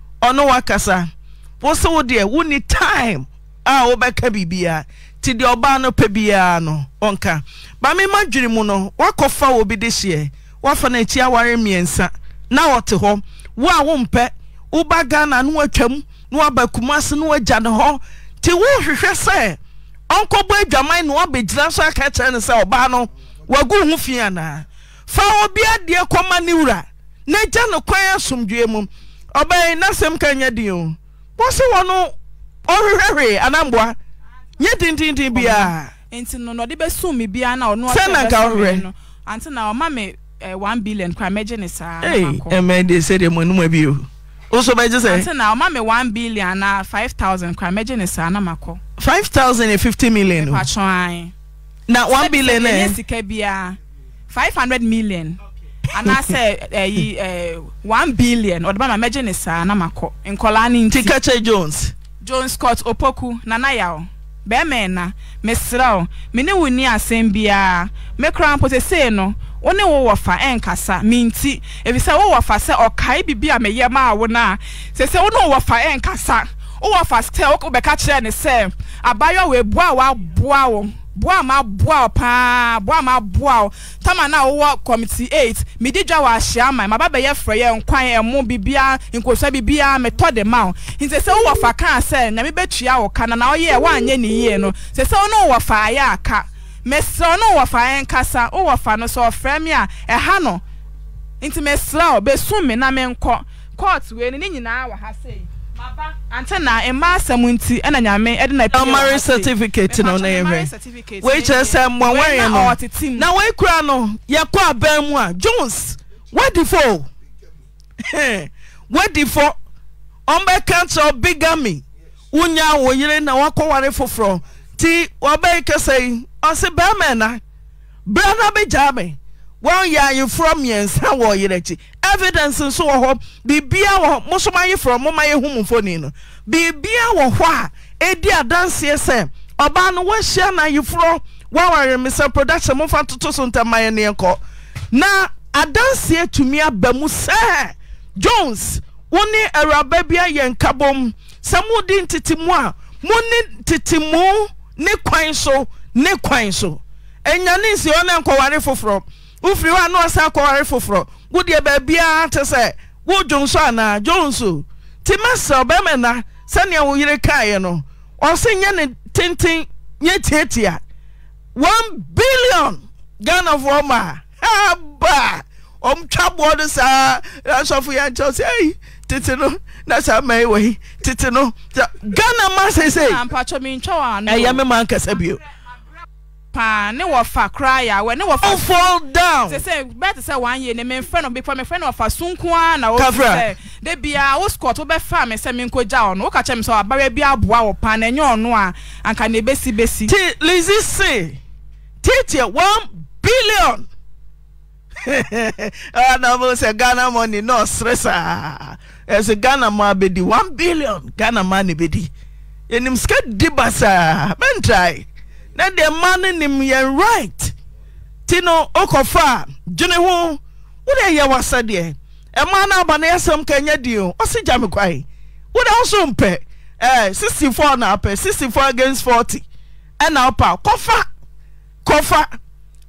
ɔno wakasa wo se wo deɛ woni time a wobɛka biribiaa nti deɛ ɔbaa no pɛ biara no ɔnka ba memma dwene mu no woakɔfa wɔ bi de hyeɛ woafa no akyi aware mmiɛnsa na ɔte hɔ wo a wompɛ woba ghana no woatwam na woaba kuma ase no woagya ne hɔ nti wohwehwɛ sɛ ɔnkɔbɔ adwaman na woabɛgyina so aka kyerɛ no sɛ ɔbaa no wagu ho fii anaa fa obiadeɛ kɔma ne wura na gya no kwan asomdwoe mu ɔbɛn n'asɛm ka nye din o wɔsi wɔn no ɔhwehwɛhwɛ anamboa nyɛ tententen biara. nti no na ɔde bɛ sun mi biara na ɔno ɔsɛ bɛ sun mi no anti na ɔma mi one billion kora mɛgye ne saa. ee ɛmɛ de se de mo enum ebi o nso bɛgye sɛ. anti na ɔma mi one billion na five thousand kora mɛgye ne saa na ma five thousand and fifty million o. na one billion ɛ. sɛ bisɛ bi ne sika biara five hundred million. anaasɛ ɛyi eh, ɛɛ eh, one billion ɔde ba ma mɛgye ne saa na ma kɔ nkɔlaa ne nti. tikache jones. jones scott opoku nana yaw bɛrima ɛna mesrɛw me ne wo ni asɛm biara me koraa mpo no wo ne wo wɔ fa ɛnkasa me nti efisɛ wo wɔ sɛ ɔkae bibi a meyɛ maa wo na sese wo ne wo wɔ fa ɛnkasa wo wɔ fa sɛ wo bɛka kyerɛ ne sɛ abayewa wo ebua wo aboa wo boa ma boa o paa boa ma boa tama na wowɔ committee eight midi dwa wɔ ahyia ma ma ba bɛyɛ fɛ yɛ nkwan ɛmo bibia nkosua bibia mɛtɔ de ma o nti sɛ wowɔ fa kan sɛ na mi bɛtua wɔ ka na na ɔyɛ wɔanyɛ ne yie no sɛ sɛ ɔno wɔ fa ayɛ aka mɛsirɛ ɔno wɔ fa ayɛ nkasa wowɔ fa no sɛ ɔfrɛ mi a ɛha e no nti mɛsirɛ o bɛsum mi na mi nkɔ wei ni ne nyinaa wɔ ha sɛ yi ansa certificate mmaa asɛm nti ɛna nyame ɛde na ɛmari certificate no na yɛhwɛ wei kyerɛ sɛ mmɔwɛreɛ no na wei kura no yɛkɔ abɛn mu a jones wadifo [laughs] wadifo ɔmbɛka kyerɛ bigami wonya wo yere na wakɔware foforɔ nti wɔbɛyi kɛsɛ yi ɔse bɛrima ɛna bra na bɛgyaa me wɔn yɛ ayeforɔ mmiɛnsa wɔ ɔyere akyi evidence nso wɔ hɔ biribia wɔ hɔ mo nso mo ayeforɔ mo ma yɛ hu mu mfoni no biribia wɔ hɔ a edi adanseɛ sɛ ɔbaa no wɔahyia na ayeforɔ wɔaware mr production mo fa toto so ntɛm ayɛ ne nkɔ na adanseɛ tumi aba mu sɛ jones wɔne awuraba bi ayɛ nkabom sɛ mo di ntete mu a mo ne tete mu ne kwan so ne kwan so enyane nsi wɔn na nkɔware foforɔ wofiri hɔ a na ɔsan kɔware foforɔ wodeɛ baabiara te sɛ wodwo nso anaa dwo nso nti ɔbɛrima na sɛnea wo yere kaeɛ no ɔse nyɛ ne tenten nyɛ tiatia one billion ghanafoɔ ma aba ɔmtwa boɔ no saa asɔfo yɛ nkyɛw sɛ ei tete no na sa ma yi wɔ tete no ghana ma seesei ɛyɛ me ma nkasa bio paa ne wɔfa koraa yɛ ne wɔfa. don't fall down. sɛ sɛ bɛɛ te sɛ wɔn ayɛ ne mi nfɛ no bepɔ mi nfɛ no wɔfa sunkuan na wɔn sɛ de bia wo scott wo bɛfa mi sɛ mi nkɔ gya ɔno woka kyɛ mi sɛ abayewa bi aboa wɔ paa na ɛnyɛ ɔno a anka na ebesi besi. ti lizzy say tiɛtiɛ one billion ɛna [laughs] ah, mo sɛ ghana money na ɔsere saa ɛsɛ ghana mo abedi one billion ghana mo anabedi enim sika di ba basaa ah, try na deɛ mmaa no nim yɛn right ti no okɔfa a dwene ho wode yɛ wasa deɛ ɛmaa no aba no yɛsɛm ka nyɛ di o ɔse gya me kwae wode wo so mpɛ ɛɛ sixty four na apɛ sixty four against forty ɛna ɔpa kɔfa kɔfa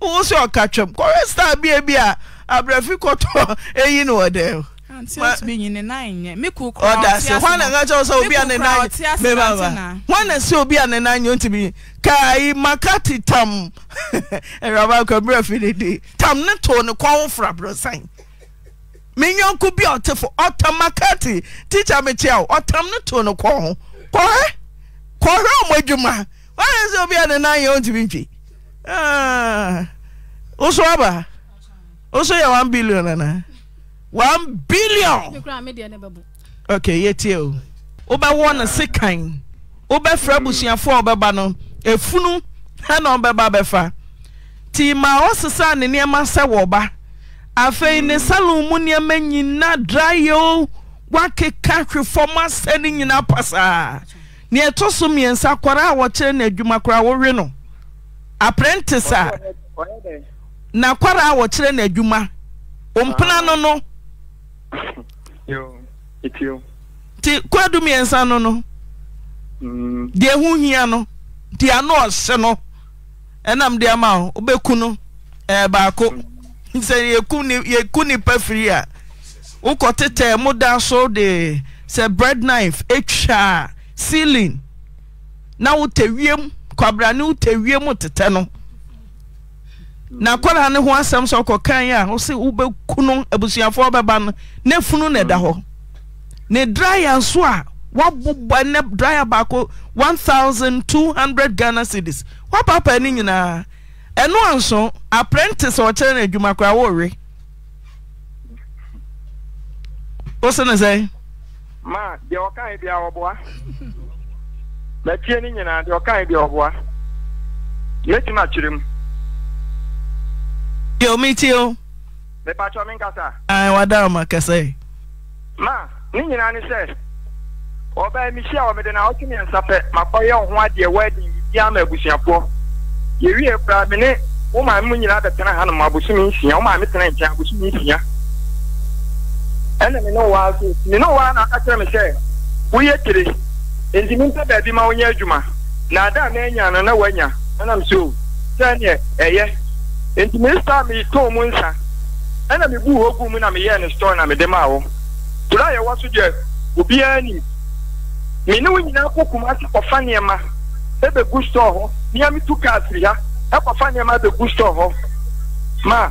wo so ɔka twam kɔhwɛ star bia bi a abrɛfi kɔtɔ [laughs] eyi no wɔ dɛm ɔda se hwan na ɛka kyɛw sɛ obi a ne nan bɛbaba hwan na makati tam ɛwuraba [laughs] akɔmmerɛ fi ne de tam ne too ne kɔn ho fra borɔsan me nyɔnko bi a ɔte fo ɔtam makati tikya mekyia o ɔtam ne too ne kɔn ho kɔhɛ kɔhɛ ɔmo adwuma na aba woso yɛ one billion anaa one billion. okay yɛtie o wobɛwɔ no se kan wobɛfrɛ abusuafoɔ a wɔbɛba no efunu ɛna ɔbɛba bɛfa nti ma ɔsesa ne nneɛma sɛ wɔba afei ne salon mu nneɛma nyinaa draayɛ o wakeka hwe fam asɛ ne nyinaa pasaa nea ɛtɔ so mmiɛnsa kwara a wɔkyerɛ no adwuma koraa wɔwe no apprentice a na kwara a wɔkyerɛ no adwuma ɔmpena no no. kwa kwadu mmiɛnsa no no mm. deɛ ho hia no nti ano ɔhye no ɛnam deɛ ma wo wobɛku no ɛɛ baako ya yɛku nipa firi a tete mo da so de sɛ bread knife etwa ceiling na wotɛ wiem kwabrane wotɛ wiem tetɛ no. na akwadaa ne ho asɛm sɛ ɔkɔ kan a ɔsɛ wobɛku no abusuafoɔ bɛba no ne funu na ɛda hɔ ne draya nso a wabobɔ ne draya baako one thousand two hundred ghana cedis wapaapa ne nyinaa ɛno a nso apprentice a ɔkyerɛ no adwuma koraa wɔrewe wosɛ ne sɛ ma deɛ ɔkae bia ɔboa matie no nyinaa deɛ ɔkae bia ɔboa mɛtumi akyerɛ mu yo mitio mepatwa me nkasa wada ma kese. ma n'i nyinaa n'i se. ɔbaa mi hyia wɔ na ɔtwe mmiɛnsa pɛ makɔyɛ wo ho adeɛ wɔadi biribiaa ma abusuafoɔ yɛwie koraa me ne wo maame mu ma tena na aka kyerɛ me sɛ woyɛ tire nti ma wonyɛ na ada a maanya no na nti minista mi to mu nsa ɛna mi bu hɔ gu mu na mi yɛ ne store na mi de maa wɔ tura yɛ wɔ so deɛ obiara nim mi ne nyinaa kɔ kumasi kɔfa nneɛma ɛbɛgu store hɔ nneɛma tu cars ri ha ɛkɔfa nneɛma ɛbɛgu store hɔ ma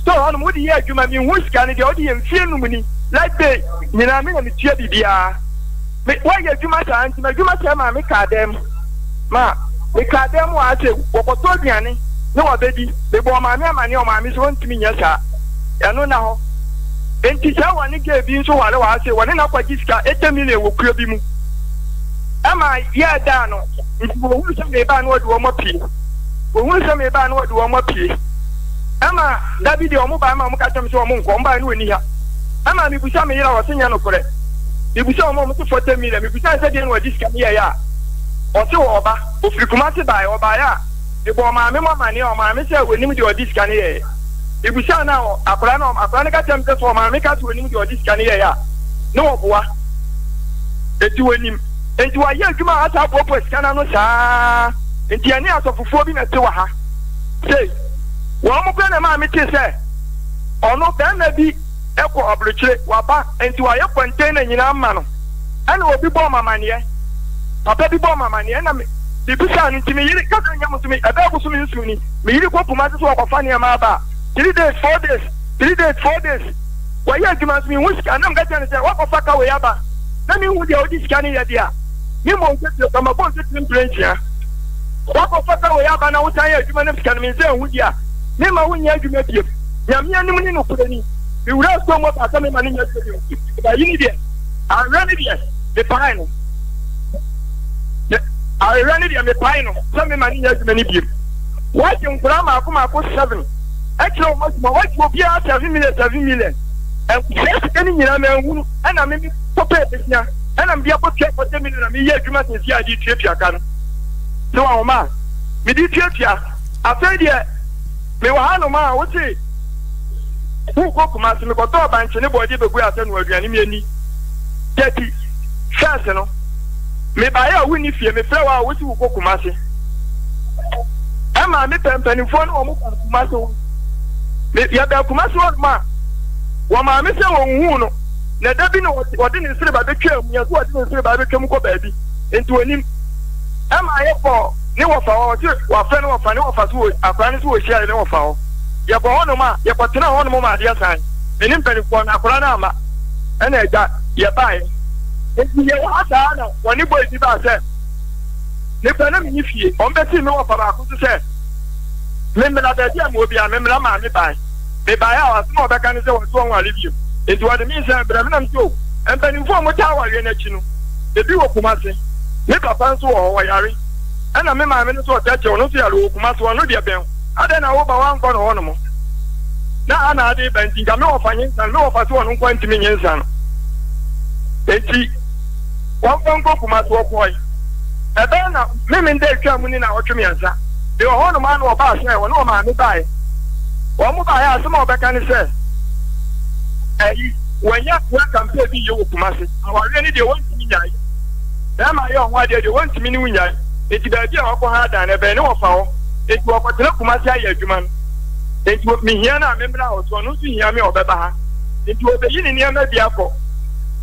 store hɔ no mo de yɛ adwuma mi nhu sika ne deɛ ɔde yɛ nfie num ni light bay nyinaa mi na mi tua bibiara mi wɔyɛ adwuma saa nti ma adwuma saa maa mi kaa dɛm ma mi kaa dɛm wɔ ase wɔkɔtɔ aduane. ne wɔbɛdi bebe ɔmaame amane so wɔntumi nyɛ saa ɛno na hɔ enti saa wɔne gye bi nso ware wɔase wɔne na kɔgye sika ɛtɛ million wɔ kuro bi mu ɛma daa no sɛ pie sɛ pie ɛma dabi ma ɔmo kasa mi sɛ ɔmo nkɔ ɔmo baa ha ɛma mibusa mi yera wɔse nyɛ nokorɛ mibusa ɔmo ɔmo so fɔ tɛ million mibusa sɛ deɛ no wɔde a a ịgba ọmaami m ọmaani ọmaami sị onim dị ọdị sika n'ihe ebusa na akwara na akwara na kacha mpe sọ ọmaami kacha onim dị ọdị sika n'ihe ya na ọbụwa eti onim nti wayɛ adwuma a asa apɔpɔ sika na no saa nti ɛne asɔfofoɔ bi na ɛte wɔ ha sei wɔn mo kura na maame te sɛ ɔno bɛrima bi ɛkɔ ɔborokyire waba nti wayɛ kɔntɛn na nyinaa ma no ɛna obi bɔ ɔmamaneɛ papa bi bɔ ɔmamaneɛ ɛna bibisa ni nti meyiri kasa nya mu tumi ɛbɛɛ ko so mi nsu ni meyiri kɔ kuma sisi ɔkɔfa nneɛma aba three days four days three days four days wɔyɛ adwuma nso mi hu sika anam gata ne sɛ wɔkɔfa ka wɔyɛ aba na mi hu deɛ ɔdi sika ne yɛ deɛ mi mɔ nketewa kama bɔ nketewa mpire nsia wɔkɔfa ka wɔyɛ aba na wotan yɛ adwuma ne sika ne mi nsɛ ehu deɛ mi ma wo nyɛ adwuma bie nyamea nimu ne nokura ni ewura sɔmɔ paasa mi ma ne nyɛ adwuma bie ba deɛ awura ni deɛ mi paa yi no awɛwɛ ne deɛ mepae no sɛ mema ne nya adwuma no biom wɔagye nkora maako maako seven ɛkyerɛ wɔ masuma wɔagye obiara seven million seven million ɛnkusɛ sika no nyinaa manhunu ɛna meme kɔpɛ bɛsia ɛna mede akɔtua kɔsɛ million na meyɛ adwuma sɛsi a de tuatua ka no sɛ wahoma a mede tuatua afei deɛ mewɔ hanom a wote wokɔ kuma se mekɔtɔɔ bankye ne bɔɔde bɛgu asɛ no aduane miani thirty fɛnse no mebaayɛ a wonni fie mefrɛ wɔ a wosi wo kɔ kuma se ɛma me pɛ mpanimfoɔ no wɔmo kɔ kuma se wo yɛbɛ kuma se hɔ nom a wɔmaame sɛ wɔnhuu no na da bi na wɔde ne nsereba bɛtwa mu yɛ so wɔde ne nsereba bɛtwa mu kɔ baabi nti wɔnim ɛma yɛ bɔ ne wɔfa hɔ ɔte wɔafɛ ne wɔfa ne wɔfa so akora ne so wɔhyia ne wɔfa hɔ yɛbɔ hɔ nom a yɛkɔtena hɔ nom adeɛ san me ne no akora no ama ɛna agya nti yɛ wɔ ha saa na wɔne bɔ esi baa sɛ nipa ne mi yi fie wɔn bɛ ti mi wɔ fa baako so sɛ mmemmira baabi a mo bia mmemmira maame ban mebaeɛ a wɔasɛm a wɔbɛka ne sɛ wɔso wɔn wale bio nti wɔde mi nsɛn brɛ nam to mpanimfoɔ a mo taa awareɛ n'akyi no ebi wɔ kumase me papa nso wɔ hɔ wɔyare ɛna me maame no nso ɔtɛkyɛ ɔno nso yare wɔ kumase wɔn deɛ bɛn adɛn na woba wankɔ no hɔnom na ana ade bɛn nti nka me wɔfa nyensa no me wɔfa so wɔn nkɔ ntumi nyensa no eti wɔn fɔ nkɔ ebe wɔkɔ yi na mímí ndé mu ni na ɔtwe mmiɛnsa deɛ ɔhɔ nom ano ɔbaa asɛn wɔn ne wɔn maame baaɛ mu a ɔbɛka ne sɛ ɛyi wɔnyɛ wɔn kampee bi yie wɔ kumasi awareɛ ne deɛ wɔntumi nyae bɛrima yɛ ɔho eti a ha adan ɛbɛn ne wɔfa hɔ eti wɔkɔtena kumasi adwuma no eti mihia no a memmerɛ a mi ha eti wɔbɛyi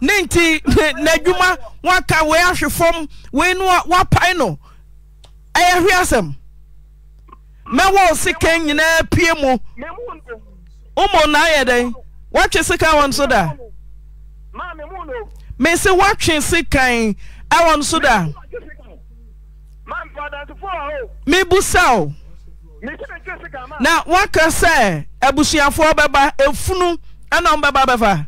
ne nti n'adwuma waka wei ahwe fam wei no wapae no ɛyɛ hwe asɛm mɛwɔ sika nyinaa pie mu ụmụ na ayɛ dɛ watwe sika wɔn nso da mesi watwe sika ɛwɔ nso da mibusa na waka sɛ abusuafoɔ bɛba efunu ɛna ɔn bɛba bɛfa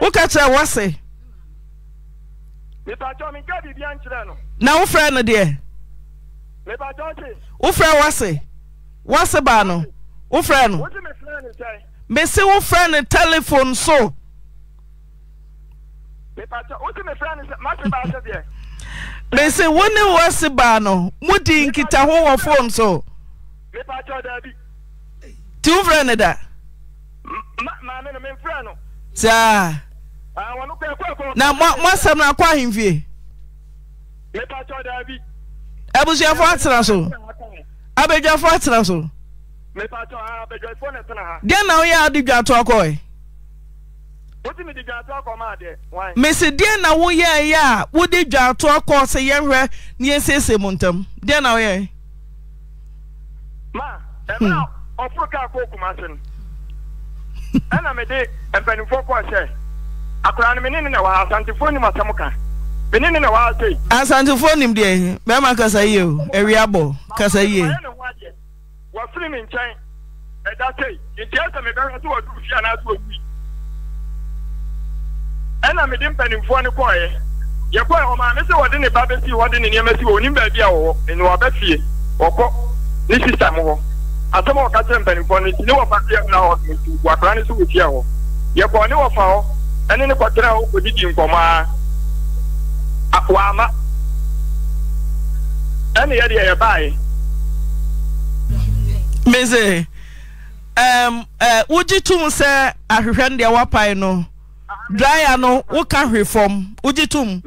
woka kyerɛ wɔ se na wofrɛ no deɛ wofrɛ wɔ se wɔ se baa no wofrɛ no mesi wofrɛ no telefone so mesi wo ne wɔ se baa no modi nkitaho wɔ fone so nti wofrɛ no da maame no memfrɛ no saa ah, na mo asɛm no akɔ ahemfie abusuafo atena so abadwafo atena so deɛ na woyɛ ade dwatoa kɔe mesi deɛ na woyɛɛyɛ a wode dwatoa kɔɔ sɛ yɛnhwɛ ne yɛnsiesie mu ntam deɛ na woyɛ ɛna mede mpanimfoɔ kɔɔ sɛ akwaraa no mene ne na wɔ asantefoɔ nim asɛm ka mene ne na wɔ asei asantefoɔ nim deɛ bɛrima kasa yie o awi abɔ kasa yie wɔfiri me nkyɛn ɛda sei nti ɛsɛ mebɛhwɛ sɛ wɔduru fie anaasɛ wɔwui ɛna mede mpanimfoɔ no kɔɔeɛ yɛkɔɛ ɔmaame sɛ wɔde ne ba bɛsi wɔde ne nneɛma si wɔ onim baabi a wɔwɔ ɛne wɔbɛfie wɔkɔ ne sista mo hɔ asɛm a ɔka kyerɛ mpanimfoɔ no nti ne wɔfa so na hɔ nti wakora ne so wɔhyia hɔ yɛkɔɔ ne wɔfa hɔ ɛne ne kɔtena hɔ kɔdidi nkɔmmɔ a waama ɛne yɛdeɛ yɛbaeɛ mese um, uh, wogye tom sɛ ahwehwɛ no deɛ woapae no draya no woka hwe fam wogye tom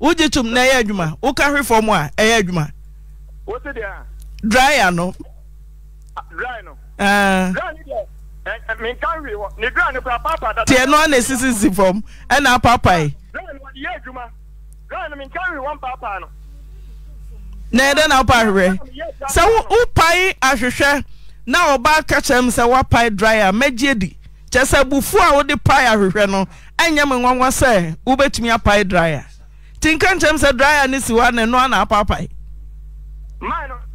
wogye tom na ɛyɛ adwuma woka hwe fam a ɛyɛ adwuma draya no te ɛno eh. eh, eh, ana ɛsisisifam ɛna apapae naɛdɛnna wopaahwewɛ sɛ wopae ahwehwɛ na ɔbaa ka kyerɛɛ m sɛ woapae dry a m'ɛgyee di kyɛɛ sɛ abufuo a wode pae ahwehwɛ no ɛnyɛ me nwanwɔ sɛ wobɛtumi apae dry a ti nka nkyɛm sɛ dry a ne siwa ne ɛnoa na apapae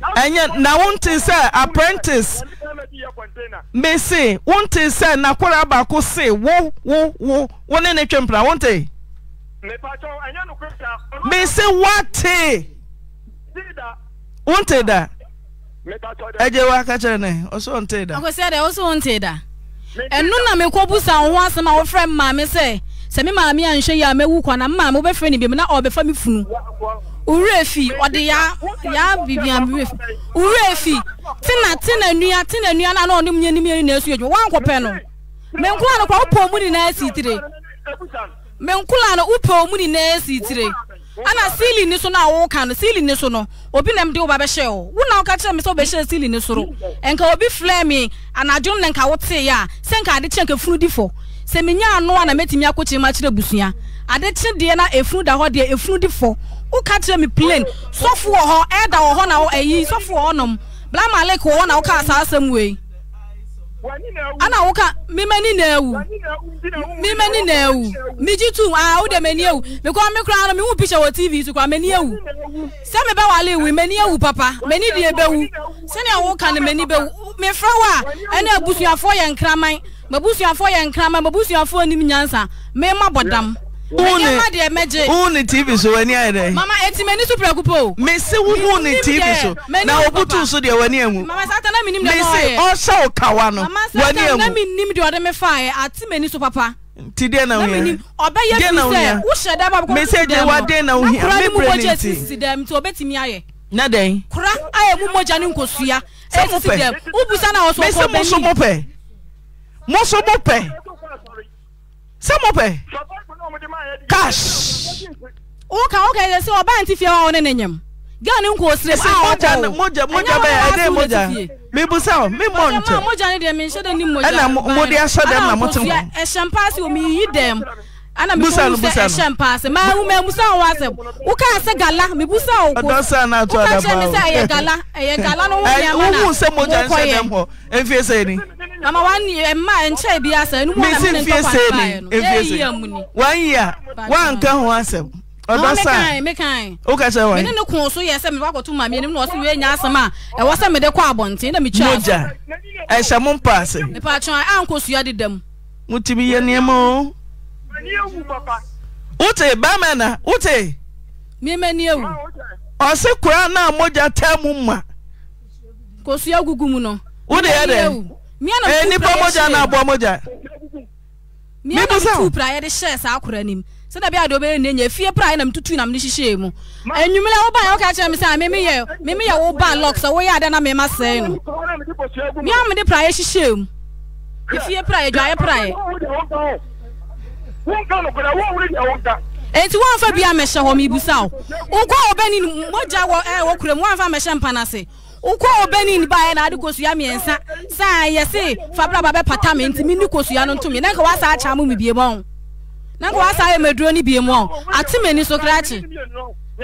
ɛnyɛ na wonte sɛ apprentice mese wonte sɛ nakwara baako se wo wo wo wo ne ne twempena wonte mese woate wonte da agye wo aka kyerɛ ne ɔso wonte da akɔsɛ dɛ ɔso wonte da ɛno na mekɔbu sa wo ho asɛm a wɔfrɛ maame sɛ sɛ me maame anhwɛ yi a mɛwu kɔ na maame wobɛfrɛ ne biam na ɔbɛfa me funu urefi ọ dị ya ya bibian urefi urefi tina tina tina na ọ n'omume n'ime ya na-esu eju nwa nkwọpe no menkula no kwa upe omu ni na-esi tire menkula no upe omu ni na-esi tire ana sili ni na awụ ka no sili siili obi na m dị ụba bɛhyɛ o wụ na kyerɛ m sɛ ɔbɛhyɛ nka obi anadwo na nka ya sɛ nka nka funu di fɔ sɛ a na busua na efunu e da hɔ efunu di woka kyerɛ me plane sɔfo wɔ hɔ ɛda wɔ hɔ na ɛyi sɔfo wɔ hɔnom blama alek wɔ hɔ na woka saa asɛm wei ana woka memani na awu memani na awu megye to a wode m'ani awu mekɔ me ah, koraa no mehu picture wɔ tv so kora m'ani awu sɛ mebɛwale wi m'ani awu papa m'ani deɛ bɛwu sɛnea woka no m'ani bɛwu mefrɛ wo a ɛne abusuafoɔ yɛ nkraman mabusuafoɔ yɛ nkraman mabusuafoɔ nim nyansa mema bɔdam yeah wúni ni tv so wani ayɛ dɛ. mama eti mɛ ni so pɛrɛ kupo. mesi wúni tv so na obutu so deɛ wani ɛmu. mama sata na mi nim deɛ ɔyɛ. mesi ɔhyɛ eh. okawa no wani ɛmu. mama sata na mi nim deɛ ɔde mi fa yɛ ati mɛ ni so papa. ti deɛ na wuya ɔbɛ yɛ fi sɛ wuhyɛ dɛ ba bɛ kɔ mesi deɛ wa na wuya mi bere ni ti. sisi dɛm ti ɔbɛ ti mi ayɛ. na dɛn. kura ayɛ mu mɔja ni nkosuya. sɛ mo pɛ mesi mo so mo pɛ mo so mo pɛ sẹ́mu pẹ̀. cash. wọ́n kàn wọ́n kàn yẹ sẹ́ ọba àǹtí fi ọ́ ọ́nẹ́ nìyẹn gáà ni n kò sire sí kọ́kọ́ o moja moja bẹ́ẹ̀ ẹ dẹ́ moja mi bu sẹ́wọ̀ mi mọ̀ n tẹ. moja ni dẹ̀ mi n ṣẹ́ dẹ̀ ni moja. ẹ̀na mo na aṣọ dẹ̀ mu na mo ti mọ̀. ẹ̀ṣẹ̀ mpaasi omi yìí dẹ̀ ana mebusa no busa no ɛhyɛ mpaase maa wo maa busa wo asɛm wokaa sɛ gala mebusa wo ko adansa na ato adama wo wokaa ɛyɛ gala ɛyɛ gala no wo [laughs] nneɛma na wohu sɛ mogya nhyɛ dɛm hɔ ɛmfie sɛ ni mama wani ɛma nkyɛn bi asɛ ɛnu mu na mi ne ntɔkwa mpaeɛ no ɛyɛ yia mu ni wanyia wanka ho asɛm ɔdasa mekan woka kyerɛ wa mene ne ko so yɛ sɛ meba kɔto ma mianim na ɔse wei nya asɛm a ɛwɔ sɛ mede kɔ abɔnten na metwa mogya ɛhyɛ mo mpaase yɛ nneɛma o wote bɛma na wote mmani awu ɔse koraa na mogya taa mu ma kosua gugu mu no wode yɛ dɛ nnipa mogya na aboa mogya mebusa pra yɛde hyɛɛ saa akora nim sɛda bi a de obɛyɛ ne nya fie pra nam tutu nam ne hyehyɛɛ mu anwummerɛ woba a woka kyerɛ me sɛ memeyɛ memeyɛ wo ba lɔk sɛ woyɛ adɛ na mema sɛe no mea mede pra yɛ hyehyɛɛ mu ɛfie pra yɛ dwaeɛ pra yɛ eti wọn eh, fa bi amẹhyẹ hɔ mibusa o nkɔ obɛni mogya wɔ ɛ wɔ kurom wọn fa amɛhyɛ mpana se nkɔ obɛni ba yɛ na adi kosua mmiɛnsa saa yɛsi fabraba bɛ pata mi nti mi ni kosua no ntum yɛ nanka wasa akyɛ amu mi bie mu ɔn nanka wasa ayɛ mɛduro ni bie mu ɔn ati mɛni so krakye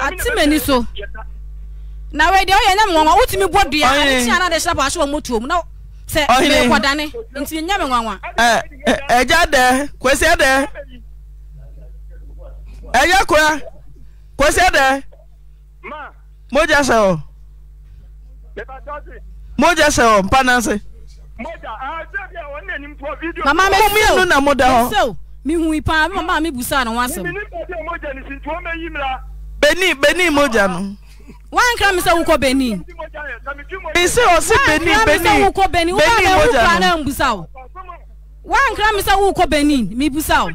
ati mɛni so na wɛ deɛ ɔyɛ nyɛ mu wɔn wɔn wotumi bɔ dua ɛni kyi anadɛ hyɛ pa ahyɛ wɔn motuo mu na sɛ mekɔdane nti nya me nwanwa ɛgya dɛ kwasi dɛ ɛyɛ kora kwasi dɛ mogya sɛ ɔ mogya sɛ ɔ mpa nanse mama mmienu na moda hɔ mehui paa mama mebusaa no ho asɛm bɛni bɛni mogya no wankra mi sɛ wokɔ benin bisi ɔsi benin benin benin moja no wankra mi sɛ wokɔ benin mibusa o.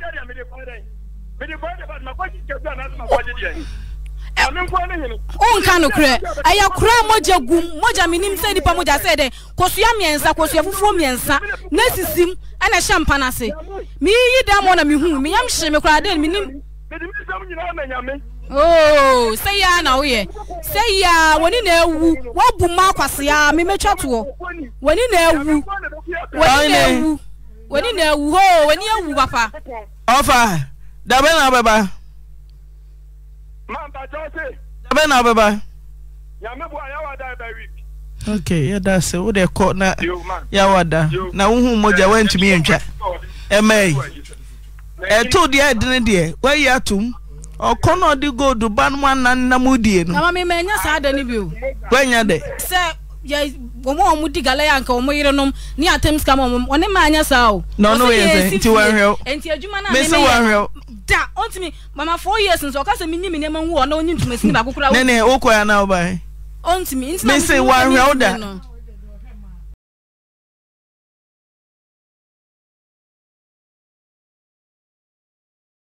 wonka nokorɛ ɛyɛ koraa mogya gum mogya menim sɛ nnipa mogya sɛ dɛ kosua mmiɛnsa kosua foforɔ mmiɛnsa na sisim ɛna ɛhyɛ mpa no ase meyiyi da mɔ na mehu meyam hye me koraa dɛn menim oo oh, sɛ ya na woyɛ sɛ ya wɔne na awu wɔbu mma akwase a toɔ wɔne na awu wɔne na awu wɔne na awu hoo wɔne awu papa. ɔfa dabe na abɛba. mamba dabe na abɛba. E ok yɛda se wo kɔ na yawa na wohu mogya wantumi yɛntwa ɛto deɛ ɛdene deɛ atom. ọkọ náà di góòdù banwa nanamu die no. àwọn mímẹ ẹ̀yẹ sáà dẹni bi o. wẹ́nyẹ dẹ. sẹ yẹ wọn a di ya nke wọn yere nom ní atems kama wọn wọn ní ma ẹ̀yẹ o. na ọ̀nà ya ẹsẹ̀ nti wọ́n hwẹ́ o. nti náà yẹ da o ti mi mama nso ọkasa mi nyimi nneema nwu ọ na onye ntoma sini baako kura. nene ya na ọba yẹn. o